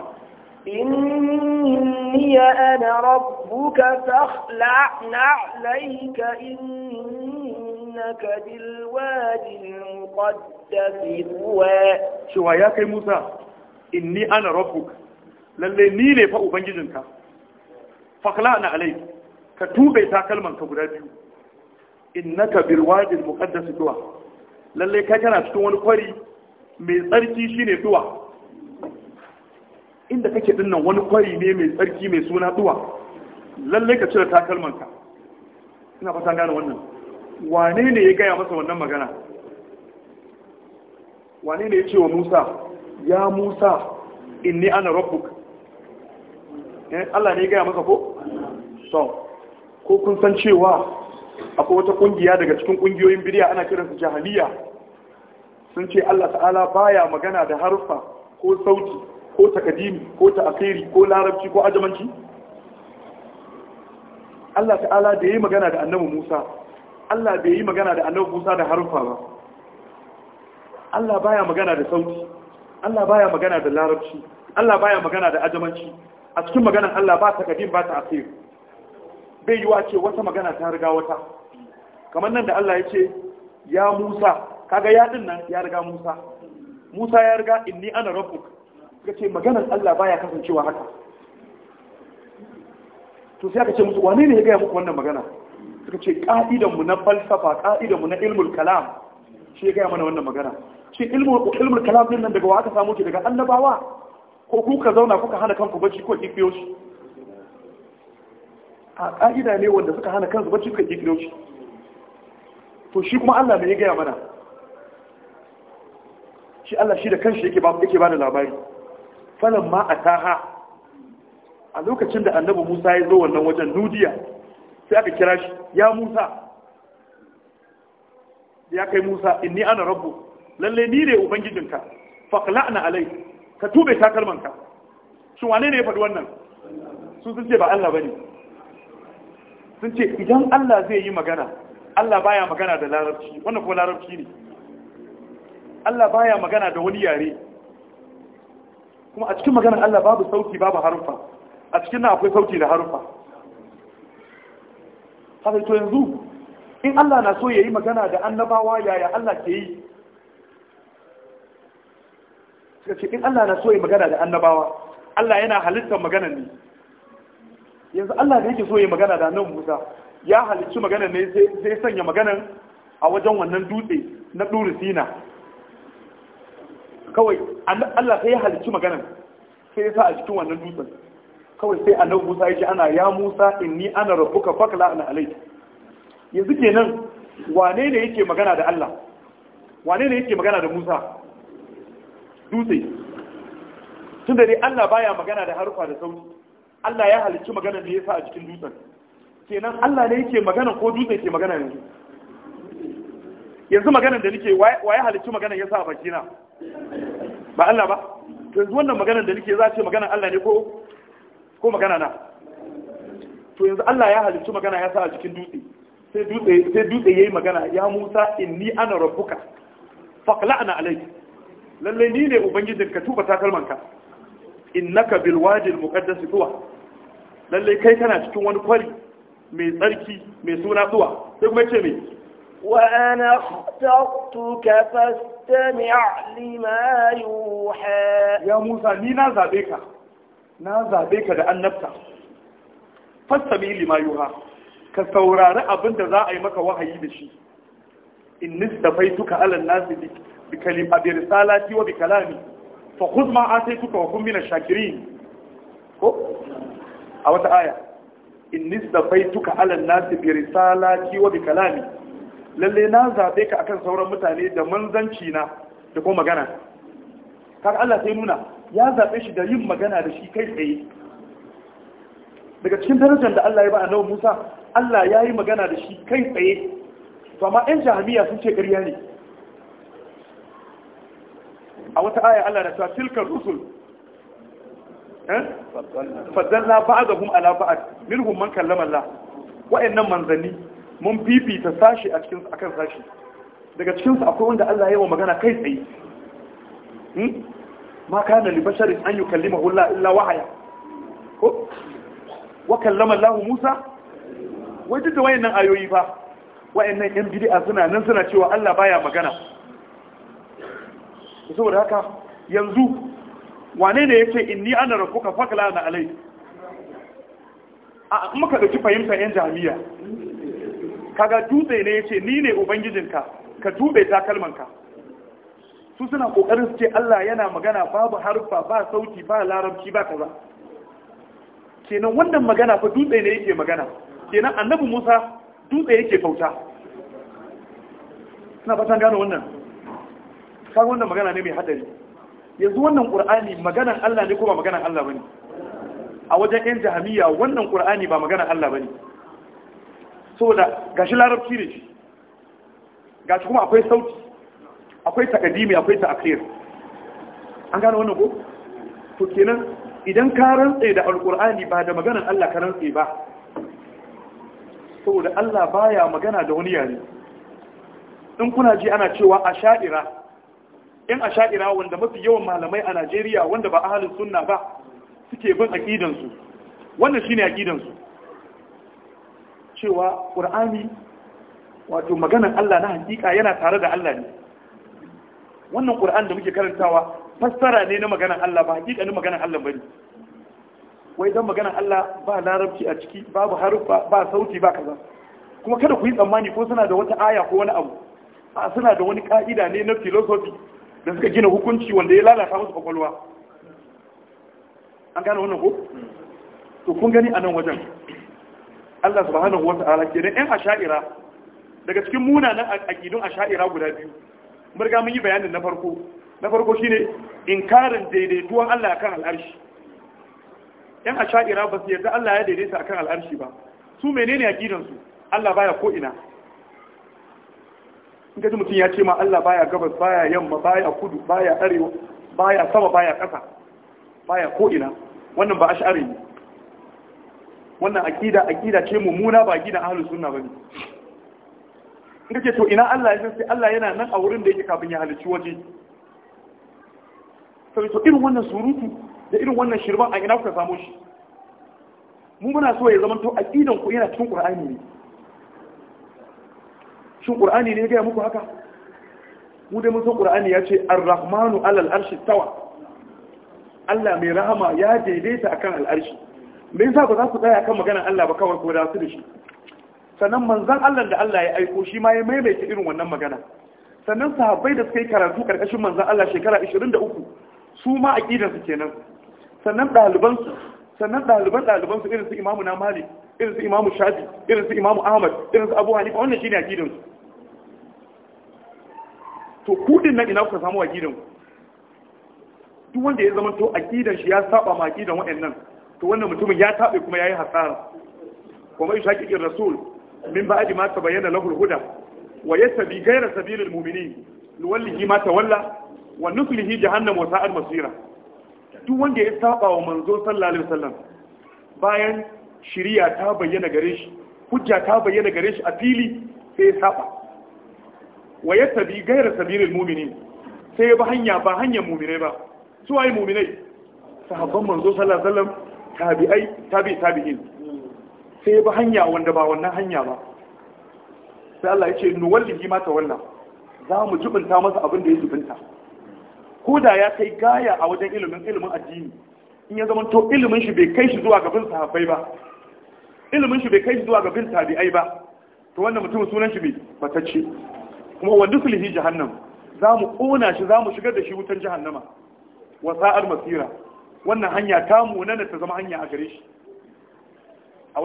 إني أنا ربك فاخلع نعليك إنك بالوادي المقدس طوى شو يا كي موسى إني أنا ربك للي نيلي فأبنجزنك فاخلعنا عليك ka tuɓe takalman ka guda biyu innaka bil wadi muqaddas duwa lallai ka kana cikin wani kwari mai tsarki shine duwa inda kake dinnan wani kwari ne mai tsarki mai suna duwa lallai ka cire takalmanka ina fata gane wannan wane ne ya gaya masa wannan magana wane ne ya ce wa Musa ya Musa inni ana rabbuk eh, Allah ne ya gaya masa ko ko kun san cewa akwai wata kungiya daga cikin kungiyoyin bidiya ana kiransu jahiliya sun ce Allah ta'ala baya magana da harfa ko sauti ko takadimi ko ta'asiri ko larabci ko ajamanci Allah ta'ala da yi magana da annabi Musa Allah bai yi magana da annabi Musa da harfa ba Allah baya magana da sauti Allah baya magana da larabci Allah baya magana da ajamanci a cikin maganar Allah ba takadim ba ta'asiri bai yi ce wata magana ta riga wata kamar nan da Allah ya ce ya Musa kaga ya din nan ya riga Musa Musa ya riga inni ana rabu. suka ce maganar Allah baya kasancewa haka to sai aka ce musu wane ne ya gaya muku wannan magana suka ce ka'idan mu na falsafa ka'idan mu na ilmul kalam shi ya gaya mana wannan magana shi ilmul ilmul kalam din nan daga wa aka samu ki daga annabawa ko kuka zauna kuka hana kanku bacci ko kifiyo shi a ƙa'ida ne wanda suka hana kansu bacci suka kirkiro shi to shi kuma Allah ne ya gaya mana shi Allah shi da kanshi yake ba yake da labari falan ma a taha. a lokacin da annabi Musa ya zo wannan wajen nudiya sai aka kira shi ya Musa ya kai Musa inni ana rabbu lalle ni ne ubangijinka faqla'na alai ka tube takalmanka shin wane ne ya faɗi wannan su sun ce ba Allah bane sun ce idan Allah zai yi magana Allah baya magana da larabci wannan ko larabci ne Allah baya magana da wani yare kuma a cikin maganar Allah babu sauti babu harufa a cikin nan akwai sauti da harufa haka to yanzu in Allah na so yayi magana da annabawa yaya Allah ke yi suka ce in Allah na so yayi magana da annabawa Allah yana halittar maganar ne yanzu Allah da yake so ya magana da nan Musa ya halicci magana ne zai sanya magana a wajen wannan dutse na Duri sina kawai Allah sai ya halicci magana sai ya sa a cikin wannan dutsen kawai sai annabi Musa ya ce ana ya Musa inni ana rabbuka fakla ana alayk yanzu kenan wane ne yake magana da Allah wane ne yake magana da Musa dutse tunda dai Allah baya magana da harufa da sauti Allah ya halicci magana da sa a cikin dutsen kenan Allah ne yake magana ko dutsen ke magana yanzu yanzu magana da nake waye halicci ya yasa a bakina ba Allah ba to yanzu wannan maganar da nake za ce maganar Allah ne ko ko magana na to yanzu Allah ya halicci magana ya sa a cikin dutse sai dutse sai dutse yayi magana ya Musa inni ana rabbuka faqla'na alayk lalle ni ne ubangijin ka tuba takalmanka innaka bilwadi wadi tuwa lalle kai kana cikin wani kwari mai tsarki mai suna tsuwa sai kuma ce mai wa ana akhtartuka fastami' lima yuha ya Musa ni na zabe ka na zabe ka da annabta fastami' ma yuha ka saurari abinda za a yi maka wahayi da shi in nistafaituka ala nasi bi kalima bi risalati wa bi kalami fa khudh ma ataytuka wa kun min ash-shakirin ko a wata aya inni tuka alan nasi bi risalati wa bi kalami lalle na zabe ka akan sauran mutane da manzanci na da kuma magana kar Allah sai nuna ya zabe shi da yin magana da shi kai tsaye daga cikin darajar da Allah ya ba annabi Musa Allah ya yi magana da shi kai tsaye to amma ɗan jahamiya sun ce ƙarya ne a wata aya Allah da ta tilkar rusul Eh? faddalla ba'dahum ala ba'd minhum man kallama Allah wa'annan manzanni mun fifita sashi a cikin akan sashi daga cikin su akwai wanda Allah ya yi magana kai tsaye hmm? ma kana li basharin an yukallimahu Allah illa wahaya ko wa kallama Allah Musa wai duk da wayannan ayoyi fa wayannan yan bid'a suna nan suna cewa Allah baya magana saboda haka yanzu wane ne yace inni ana rabbuka fakla na alai a ka dauki fahimtar yan jami'a kaga dutse ne ce ni ne ubangijinka ka tube ka. su suna kokarin su ce Allah yana magana babu harfa ba sauti ba larabci ba kaza kenan wannan magana fa dutse ne yake magana kenan annabi Musa dutse yake bauta suna fatan gano wannan kaga wannan magana ne mai hadari yanzu wannan ƙur'ani maganan Allah ne ko ba maganan Allah bane a wajen yan jahamiya wannan ƙur'ani ba maganan Allah bane saboda gashi larabci ne shi gashi kuma akwai sauti akwai takadimi akwai ta'akhir an gane wannan ko to kenan idan ka rantsa da alƙur'ani ba da maganan Allah ka rantsa ba saboda Allah baya magana da wani yare in kuna ji ana cewa a sha'ira in a sha'ira wanda mafi yawan malamai a najeriya wanda ba ahalin sunna ba suke bin aƙidansu wannan shine aƙidansu cewa Al-Qur'ani wato maganar allah na hakika yana tare da allah ne wannan Al-Qur'an da muke karantawa fassara ne na maganar allah ba hakika ne maganan allah ba wai don maganar allah ba larabci a ciki babu harufa ba sauti ba kaza kuma kada ku yi tsammani ko suna da wata aya ko wani abu a'a suna da wani ka'ida ne na philosophy da suka gina hukunci wanda ya lalata musu kwakwalwa an gane wannan ko to kun gani a nan wajen Allah subhanahu wata'ala kenan yan asha'ira daga cikin munanan aqidun asha'ira guda biyu mun riga mun yi bayanin na farko na farko shine inkarin daidaituwan Allah akan al'arshi yan asha'ira ba su yarda Allah ya daidaita akan al'arshi ba su menene aqidan Allah baya ko ina in ga mutum ya ce ma Allah baya gabas baya yamma baya kudu baya arewa baya sama baya ƙasa baya ko ina wannan ba ash'ari ne wannan akida akida ce mummuna ba gidan ahlus sunna bane in kace to ina Allah ya sai Allah yana nan a wurin da yake kafin ya halicci waje sai to irin wannan surutu da irin wannan shirban a ina kuka samu shi mu muna so ya zama to aqidan ku yana cikin Qur'ani ne shin qur'ani ne ya gaya muku haka mu dai mun ƙur'ani qur'ani ya ce ar-rahmanu alal arshi tawa Allah mai rahama ya daidaita akan al'arshi me sa ba za ku tsaya kan maganar Allah ba kawai ko da su da shi sannan manzan Allah da Allah ya aiko shi ma ya maimaita irin wannan magana sannan sahabbai da suka yi karatu karkashin manzan Allah shekara 23 su ma aqidar su kenan sannan ɗaliban su sannan daliban daliban su irin su Imam Malik irin su Imamu Shafi irin su Imamu Ahmad irin su Abu Hanifa wannan shine aqidar su to kudin nan ina kuka samu aqidan ku duk wanda ya zama to aqidan shi ya saba ma aqidan waɗannan to wannan mutumin ya tabe kuma yayi hasara kuma in shaqiqir rasul min ba'di ma tabayyana lahu al-huda wa yasbi ghayra sabilil mu'minin nuwallihi ma tawalla wa nuslihi jahannam wa sa'at masira duk wanda ya saba wa manzo sallallahu alaihi wasallam bayan shiriya ta bayyana gare shi hujja ta bayyana gare shi a fili sai ya saba wa yattabi ghayra sabilil mu'minin sai ba hanya ba hanyar mu'minai ba su waye mu'minai sahabban manzo sallallahu alaihi wasallam tabi'ai tabi tabi'in sai ba hanya wanda ba wannan hanya ba sai Allah ya ce nuwallihi ma tawalla za mu jubunta masa abin da ya jubunta ko da ya kai gaya a wajen ilimin ilimin addini in ya zama to ilimin shi bai kai shi zuwa gaban sahabbai ba ilimin shi bai kai shi zuwa gaban tabi'ai ba to wannan mutum sunan shi bai fatacce kuma wanda su lihi jahannam za mu ƙona shi za mu shigar da shi wutar jahannama wa sa'ar masira wannan hanya ta munana ta zama hanya a gare shi a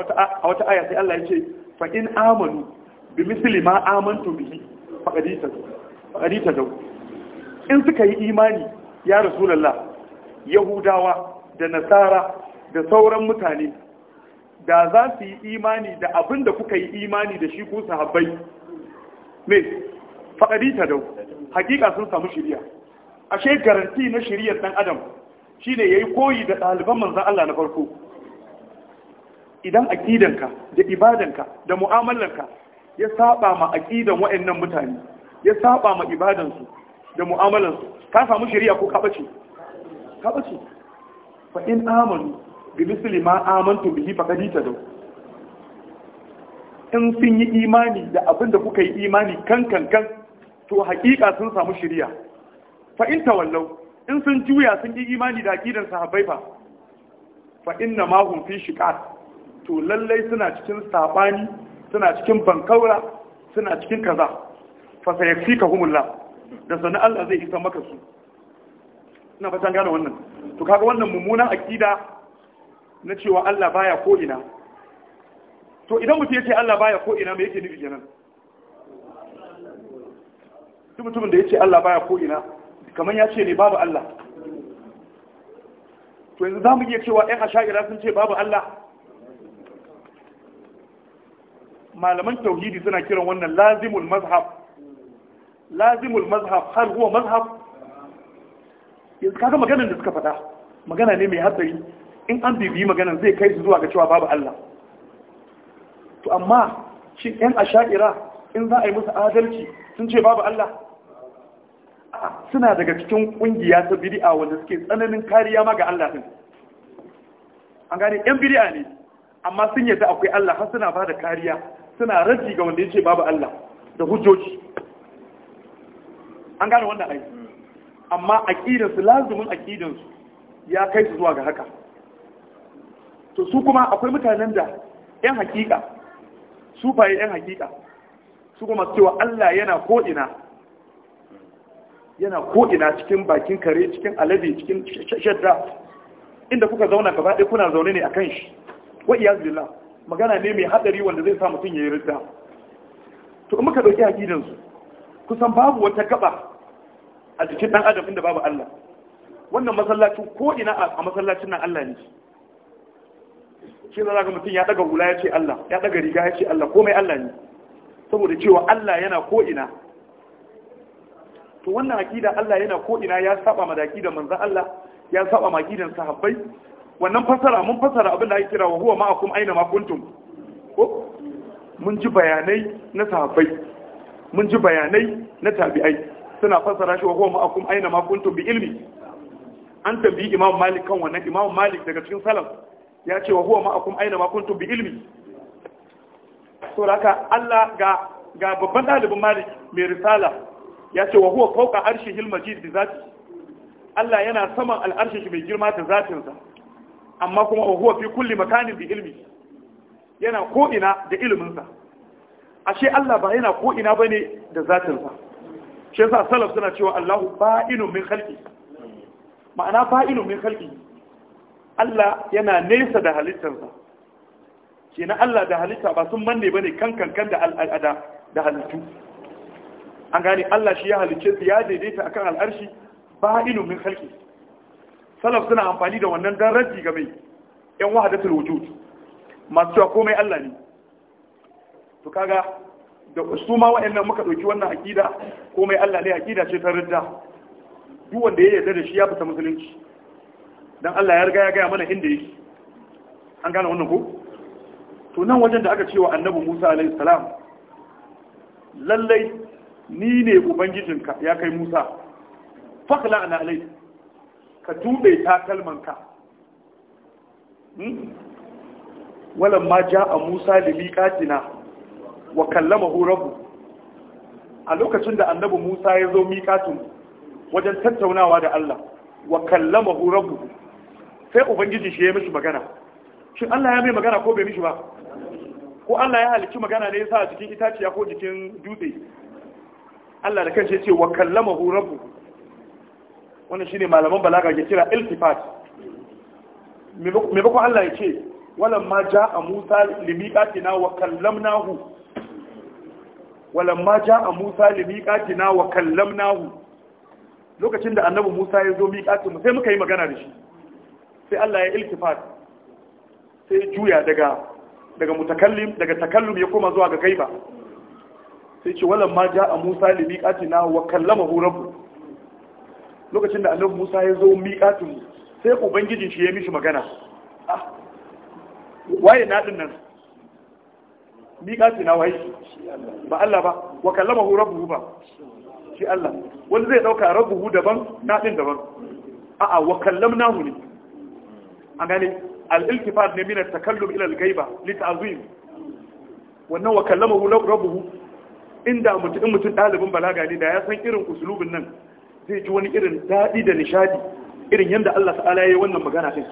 wata aya sai Allah ya ce fa in amanu bi misli ma amantu bihi faqad zau, in suka yi imani ya rasulullah yahudawa da nasara da sauran mutane da za su yi imani da abin da kuka yi imani da shi ku sahabbai me faɗaɗi ta dau hakika sun samu shiriya ashe garanti na shiryar ɗan adam shine yayi koyi da ɗaliban manzan Allah na farko idan aƙidanka da ibadanka da mu'amalanka ya saba ma aƙidan wa'annan mutane ya saba ma ibadansu da mu'amalansu ka samu shirya ko kaɓace kaɓace fa in amanu bi misli ma amantu bihi fa kadita in sun yi imani da abin da kuka yi imani kan kan kan to haƙiƙa sun samu shiriya fa in tawallau in sun juya sun yi imani da aqidar sahabbai fa fa inna ma hum fi shiqaq to lallai suna cikin sabani suna cikin bankaura suna cikin kaza fa sayakfikahumullah da sanna Allah zai isa maka su ina fatan gane wannan to kaga wannan mummunan aqida na cewa Allah baya ko ina to idan mutum yace Allah baya ko ina me yake nufi kenan duk mutumin da ya ce Allah baya ko'ina, kamar ya ce ne babu Allah to yanzu za mu iya cewa ‘yan asha'ira sun ce babu Allah malaman tauhidi suna kiran wannan lazimul mazhab lazimul mazhab har huwa mazhab yanzu kaga maganan da suka faɗa magana ne mai hatsari in an bibiyi maganan zai kai su zuwa ga cewa babu Allah to amma shi ‘yan asha'ira in za a yi musu adalci sun ce babu Allah suna daga cikin kungiya ta bid'a wanda suke tsananin kariya ma ga Allah din an gane yan bid'a ne amma sun yadda akwai Allah har suna bada kariya suna raji ga wanda yake babu Allah da hujjoji an gane wannan ai amma aqidar su lazumin aqidar su ya kai su zuwa ga haka to su kuma akwai mutanen da yan hakika sufaye yan hakika su kuma cewa Allah yana ko ina yana ko'ina cikin bakin kare cikin alade cikin shadda inda kuka zauna gaba ɗaya kuna zaune ne a kan shi wa iyazubillah magana ne mai haɗari wanda zai sa mutum ya yi ridda to in muka ɗauki haƙidansu kusan babu wata gaba a jikin ɗan adam inda babu Allah wannan masallacin ko'ina a masallacin nan Allah ne shi ga mutum ya ɗaga hula ya ce Allah ya ɗaga riga ya ce Allah komai Allah ne saboda cewa Allah yana ko ina. to wannan akida Allah yana ko ina ya saba ma da akidan manzon Allah ya saba ma akidan sahabbai wannan fasara mun fasara abin da ake kira wa huwa ma'akum aina ma kuntum ko mun ji bayanai na sahabbai mun ji bayanai na tabi'ai suna fasara shi wa huwa ma'akum aina ma kuntum bi ilmi an tambayi imam malik kan wannan imam malik daga cikin salaf ya ce wa huwa ma'akum aina ma kuntum bi ilmi saboda haka Allah ga ga babban dalibin malik mai risala ya ce wa huwa fawqa arshihil majid bi zati Allah yana saman al'arshi mai girma da zatinsa amma kuma wa huwa fi kulli makanin bi ilmi yana ko ina da iliminsa ashe Allah ba yana ko ina bane da zatinsa shi yasa salaf suna cewa Allahu ba'inu min khalqi ma'ana ba'inu min khalqi Allah yana nesa da halittarsa kenan Allah da halitta ba sun manne bane kan kankan da al'ada da halittu an gane Allah shi ya halicce su ya daidaita akan al'arshi ba ilimin halki salaf suna amfani da wannan dan raddi ga mai yan wahadatul wujud masu cewa komai Allah ne to kaga da su ma waɗannan muka ɗauki wannan akida komai Allah ne akida ce ta radda duk wanda ya yarda da shi ya fita musulunci dan Allah ya riga ya gaya mana inda yake an gane wannan ko to nan wajen da aka cewa annabi Musa alaihi salam lallai ni ne ubangijinka ya kai musa fakla ana alai ka tube takalmanka hmm? walan ma ja a musa da miƙatina wa kallama horabu a lokacin da annabi musa ya zo miƙatun wajen tattaunawa da allah wa kallama horabu sai ubangiji shi ya mishi magana shi allah ya mai magana ko bai mishi ba ko allah ya halicci magana ne ya sa cikin itaciya ko jikin dutse Allah da kanshi ce wa kallamahu rabbu wannan shine malaman balaga ke kira iltifat me bakon Allah ya ce walamma ja'a Musa limiqatina wa kallamnahu walamma ja'a Musa limiqatina wa kallamnahu lokacin da annabi Musa ya zo mu, sai muka yi magana da shi sai Allah ya iltifat sai juya daga daga mutakallim daga takallum ya koma zuwa ga gaiba sai ce wannan ma ja a musa li miƙatina wa kallama hu rabbu lokacin da annabi musa ya zo miƙatin sai ubangijin shi ya mishi magana ah, waye na din nan miƙatina waye ba Allah ba wa kallama hu rabbu ba shi Allah wani zai dauka rabbu daban na din daban a'a wa hu ne an gane al-iltifat ne min at-takallum ila al-ghaiba li ta'zim wannan wa kallamahu rabbuhu inda mutum mutum ɗalibin balaga ne da ya san irin usulubin nan zai ji wani irin daɗi da nishadi irin yadda Allah ta'ala ya yi wannan magana ɗin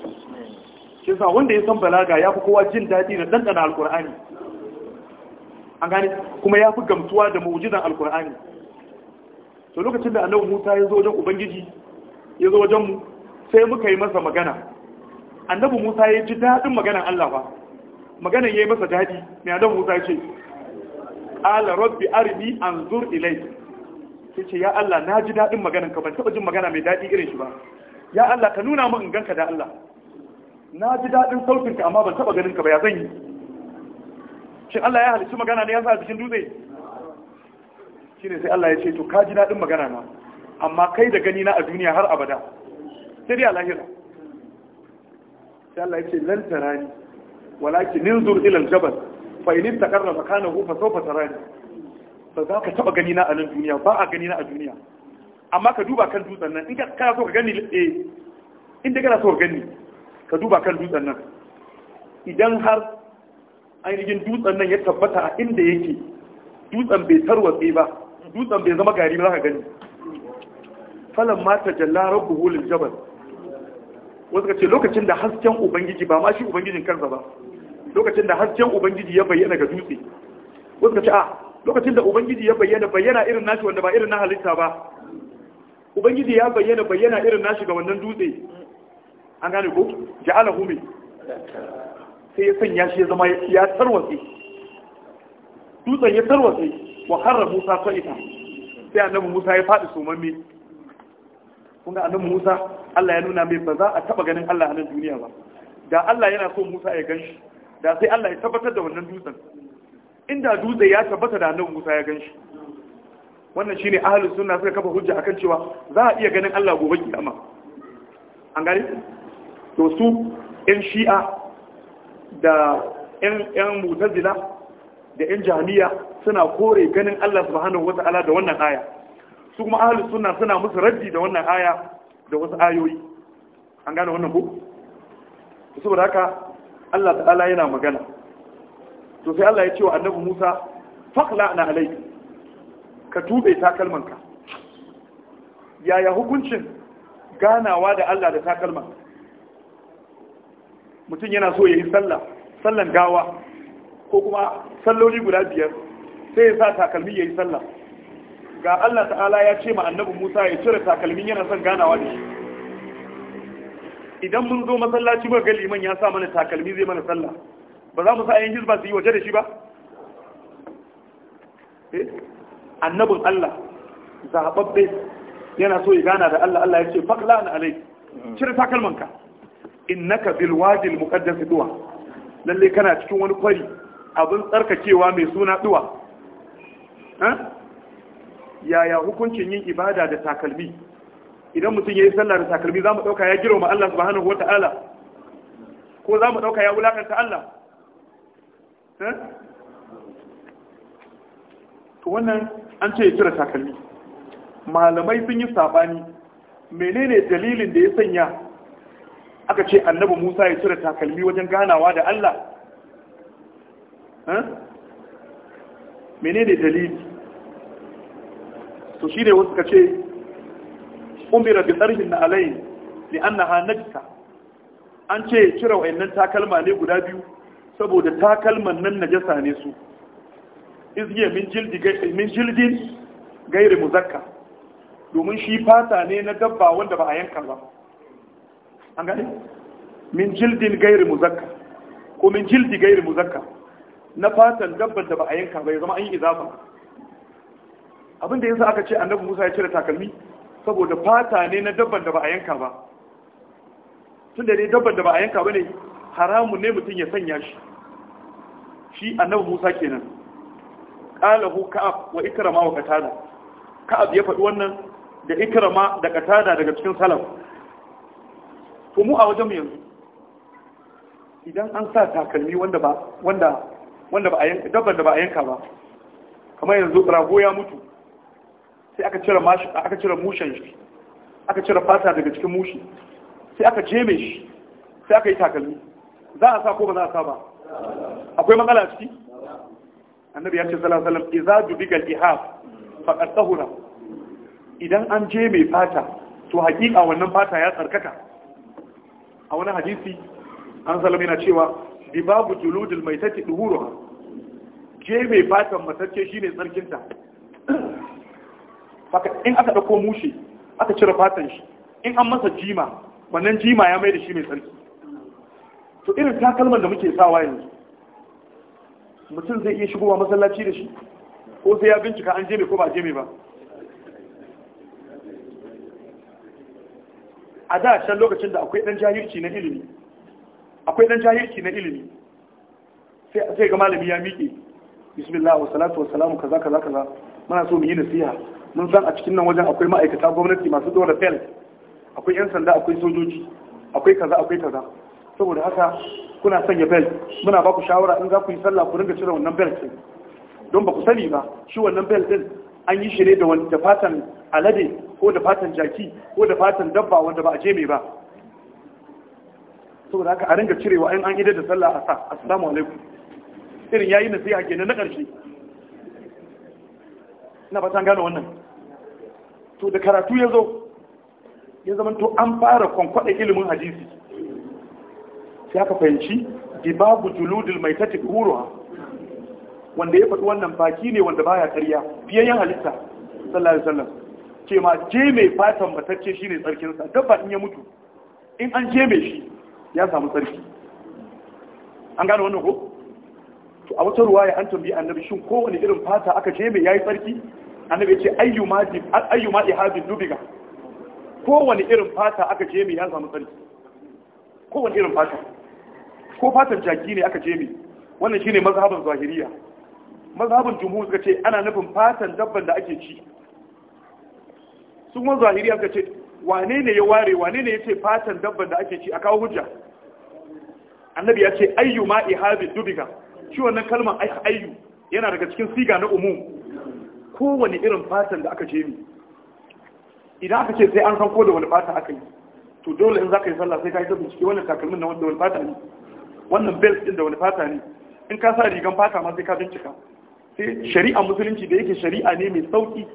shi sa wanda ya san balaga ya fi kowa jin daɗi da ɗanɗana alkur'ani an gani kuma ya fi gamtuwa da mu'jizan alkur'ani to lokacin da annabi Musa ya zo wajen ubangiji ya zo wajen mu sai muka yi masa magana annabi Musa ya ji daɗin maganan Allah ba maganan ya yi masa daɗi mai annabi Musa ya ce ƙala rabbi arini ilai ilayk ce ya Allah na ji daɗin maganar ka ban taɓa jin magana mai daɗi irin shi ba ya Allah ka nuna min in ganka da Allah na ji daɗin sautin ka amma ban taɓa ganin ka ba ya zan yi shin Allah ya halicci magana ne ya sa cikin dutse shine sai Allah ya ce to ka ji daɗin magana na amma kai da gani na a duniya har abada sai dai a lahira sai Allah ya ce lan walakin ninzur ila al-jabal fa ilim taqarra hufa fa ta rani ba za ka taba gani na a nan duniya ba a gani na a duniya amma ka duba kan dutsen nan in ka kana so ka gani eh inda da kana so ka gani ka duba kan dutsen nan idan har ainihin dutsen nan ya tabbata a inda yake dutsen bai tarwatse ba dutsen bai zama gari ba za ka gani falon mata jalla rabu lil jabal ka ce lokacin da hasken ubangiji ba ma shi ubangijin kansa ba lokacin da hasken ubangiji ya bayyana ga dutse wasu ka ce a ah, lokacin da ubangiji ya bayyana bayyana irin nashi wanda ba irin na halitta ba ubangiji ya bayyana bayyana irin nashi ga wannan dutse an gane ko ja'ala hume sai ya sanya shi ya zama ya tarwatse dutsen ya tarwatse wa harra musa ita sai annabi musa ya faɗi somamme kun ga annabi musa Allah ya nuna mai ba za a taba ganin Allah a nan duniya ba da Allah yana so Musa ya gan shi da sai Allah ya tabbatar da wannan dutsen inda dutse ya tabbata da annabi Musa ya ganshi wannan shine ahlus sunna suka kafa hujja akan cewa za a iya ganin Allah gobe kiyama an gane to su yan shi'a da yan yan mutazila da yan jahiliya suna kore ganin Allah subhanahu wata'ala da wannan aya su kuma ahlus sunna suna musu raddi da wannan aya da wasu ayoyi an gane wannan ko saboda haka Allah ta'ala yana magana to sai Allah ya ce wa annabi Musa fakla na alai ka tube takalmanka yaya hukuncin ganawa da Allah da takalman mutum yana so ya yi sallah sallan gawa ko kuma salloli guda biyar sai ya sa takalmi ya yi sallah ga Allah ta'ala ya ce ma annabi Musa ya cire takalmin yana son ganawa da shi idan mun zo masallaci muka ga liman ya sa mana takalmi zai mana sallah ba za mu sa ayin hizba su yi waje da shi ba eh? annabin Allah zaɓaɓɓe yana so ya gana da Allah Allah ya ce faƙla na alai cire takalmanka innaka bil al muqaddas duwa lalle kana cikin wani kwari abin tsarkakewa mai suna duwa eh? yaya hukuncin yin ibada da takalmi idan mutum ya yi sallah da takalmi za mu ɗauka ya girma Allah subhanahu wata'ala ko za mu ɗauka ya wulakanta Allah eh? to wannan an ce ya cire takalmi malamai sun yi saɓani menene dalilin da ya sanya aka ce annabi musa ya cire takalmi wajen ganawa da Allah eh? menene dalili to shi ne wasu ka ce umira bi tsarhin na alayi li annaha najsa an ce cire wayannan takalma ne guda biyu saboda takalman nan najasa ne su izgiya min jildin gairi muzakka domin shi fata ne na dabba wanda ba a yanka ba an gane min jildin gairi muzakka ko min jildi gairi muzakka na fatan dabban da ba a yanka ba ya zama an yi izafa abinda yasa aka ce annabi musa ya cire takalmi saboda fata ne na dabban da ba a yanka ba tun da ne dabban da ba a yanka ba ne haramun ne mutum ya sanya shi shi annabi musa kenan qalahu ka'ab wa ikrama wa qatada ka'ab ya faɗi wannan da ikrama da qatada daga cikin salaf to mu a wajen yanzu idan an sa takalmi wanda ba wanda wanda ba a yanka dabban da ba a yanka ba kamar yanzu rago ya mutu sai aka cire mashi aka cire mushen shi aka cire fata daga cikin mushi sai aka jeme shi sai aka yi takalmi za a sa ko ba za a sa ba akwai matsala ciki annabi ya ce sallallahu alaihi wasallam idza dubiga al-ihab faqad idan an je mai fata to haƙiƙa wannan fata ya tsarkaka a wani hadisi an salama yana cewa babu juludul maitati duhuruha je mai fatan matacce shine tsarkinta haka in aka ɗauko mushe aka cire fatan shi in an masa jima wannan jima ya mai da shi mai tsarki to irin takalman da muke sawa yanzu mutum zai iya shigowa masallaci da shi ko sai ya bincika an je mai ko ba je mai ba a da shan lokacin da akwai dan jahilci na ilimi akwai dan jahilci na ilimi sai ga malami ya miƙe bismillah wa salatu wa salamu kaza kaza kaza muna so mu yi nasiha mun san a cikin nan wajen akwai ma'aikata gwamnati masu dora fel akwai 'yan sanda akwai sojoji akwai kaza akwai kaza saboda haka kuna sanya bel muna ba ku shawara in za ku yi sallah ku ringa cire wannan bel din don ba ku sani ba shi wannan bel din an yi shi ne da wani da fatan alade ko da fatan jaki ko da fatan dabba wanda ba a je mai ba saboda haka a ringa cirewa in an idar da sallah a sa assalamu alaikum irin yayi a kenan na ƙarshe ina fatan gano wannan to da karatu ya zo ya zama to an fara kwankwada ilimin hadisi sai aka fahimci dibabu juludul mai tafi huruwa wanda ya faɗi wannan baki ne wanda baya karya biyayyen halitta sallallahu alaihi wasallam ce ma je mai fatan batacce shine tsarkin sa dabba in ya mutu in an je mai shi ya samu tsarki an gano wannan ko to a wata ruwaya an tambayi annabi shin kowane irin fata aka je mai yayi tsarki annabi ya ce ayyuma di ma ihadin dubiga kowane irin fata aka je mai ya samu tsarki kowane irin fata ko fatan jaki ne aka je mai wannan shine mazhabin zahiriya mazhabin jumhur suka ce ana nufin fatan dabban da ake ci sun wani zahiriya suka ce wane ne ya ware wane ne ya ce fatan dabban da ake ci a kawo hujja annabi ya ce ayyuma ihadin dubiga shi wannan kalmar ayyu yana daga cikin siga na umum kowane irin fatan da aka ce ni idan aka ce sai an san ko da wani fata aka yi to dole in za ka yi sallah sai ka yi ta bincike wannan takalmin na wanda wani fata ne wannan belt din da wani fata ne in ka sa rigan fata ma sai ka bincika sai shari'a musulunci da yake shari'a ne mai sauki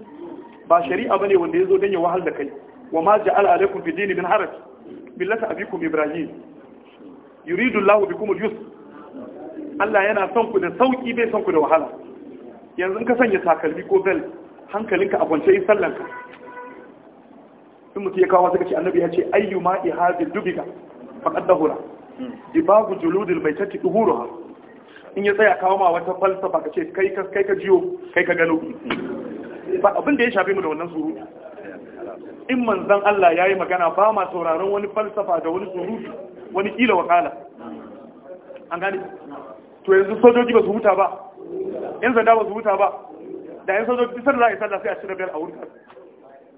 ba shari'a bane wanda ya zo don ya wahal da kai wa ma ja'ala alaikum fi dini min haraj millata abikum ibrahim yuridu Allahu bikum al-yusr Allah yana son ku da sauki bai son ku da wahala yanzu in ka sanya takalmi ko bel hankalinka a kwance in sallanka sun mutu ya kawo suka ce annabi ya ce ayyu ma ihadin dubiga faqad dahura dibagu juludil maitati duhuruha in ya tsaya kawo ma wata falsafa ka ce kai ka kai ka jiyo kai ka gano ba abin da ya shafe mu da wannan surutu in manzon Allah yayi magana ba ma sauraron wani falsafa da wani surutu wani kila wakala an gane to yanzu sojoji ba su huta ba yan sanda ba su huta ba da yan sojoji sun za a yi sallah sai a cire biyar a wurin kan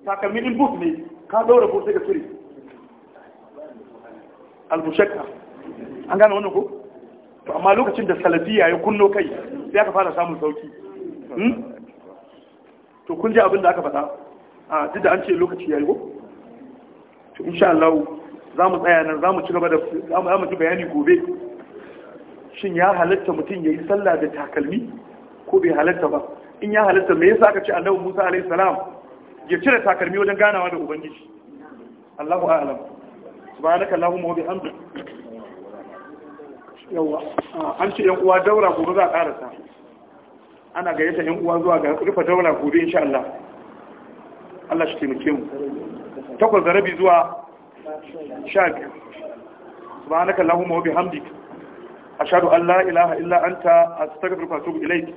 takalmi in bus ne ka ɗaura ko sai ka cire albushakka an gane wannan ko to amma lokacin da salafiya ya kunno kai sai aka fara samun sauki hmm? to kun ji abin da aka faɗa a ah, duk da an ce lokaci ya yi ko to insha Allah za mu tsaya nan za mu ci gaba da za mu ci bayani gobe shin ya halatta mutum ya yi sallah da takalmi ko bai halatta ba in ya halatta me yasa aka ce annabi Musa alaihi salam ya cire takalmi wajen ganawa da ubangiji Allahu a'lam subhanaka allahumma wa bihamdika yawa ah, an ce yan uwa daura gobe za a karasa ana gayyata yan uwa zuwa ga rufe daura gobe insha Allah Allah shi taimake mu takwas da rabi zuwa sha biyu subhanaka allahumma wa bihamdika A an la ilaha illa anta astaghfiruka wa atubu ilayk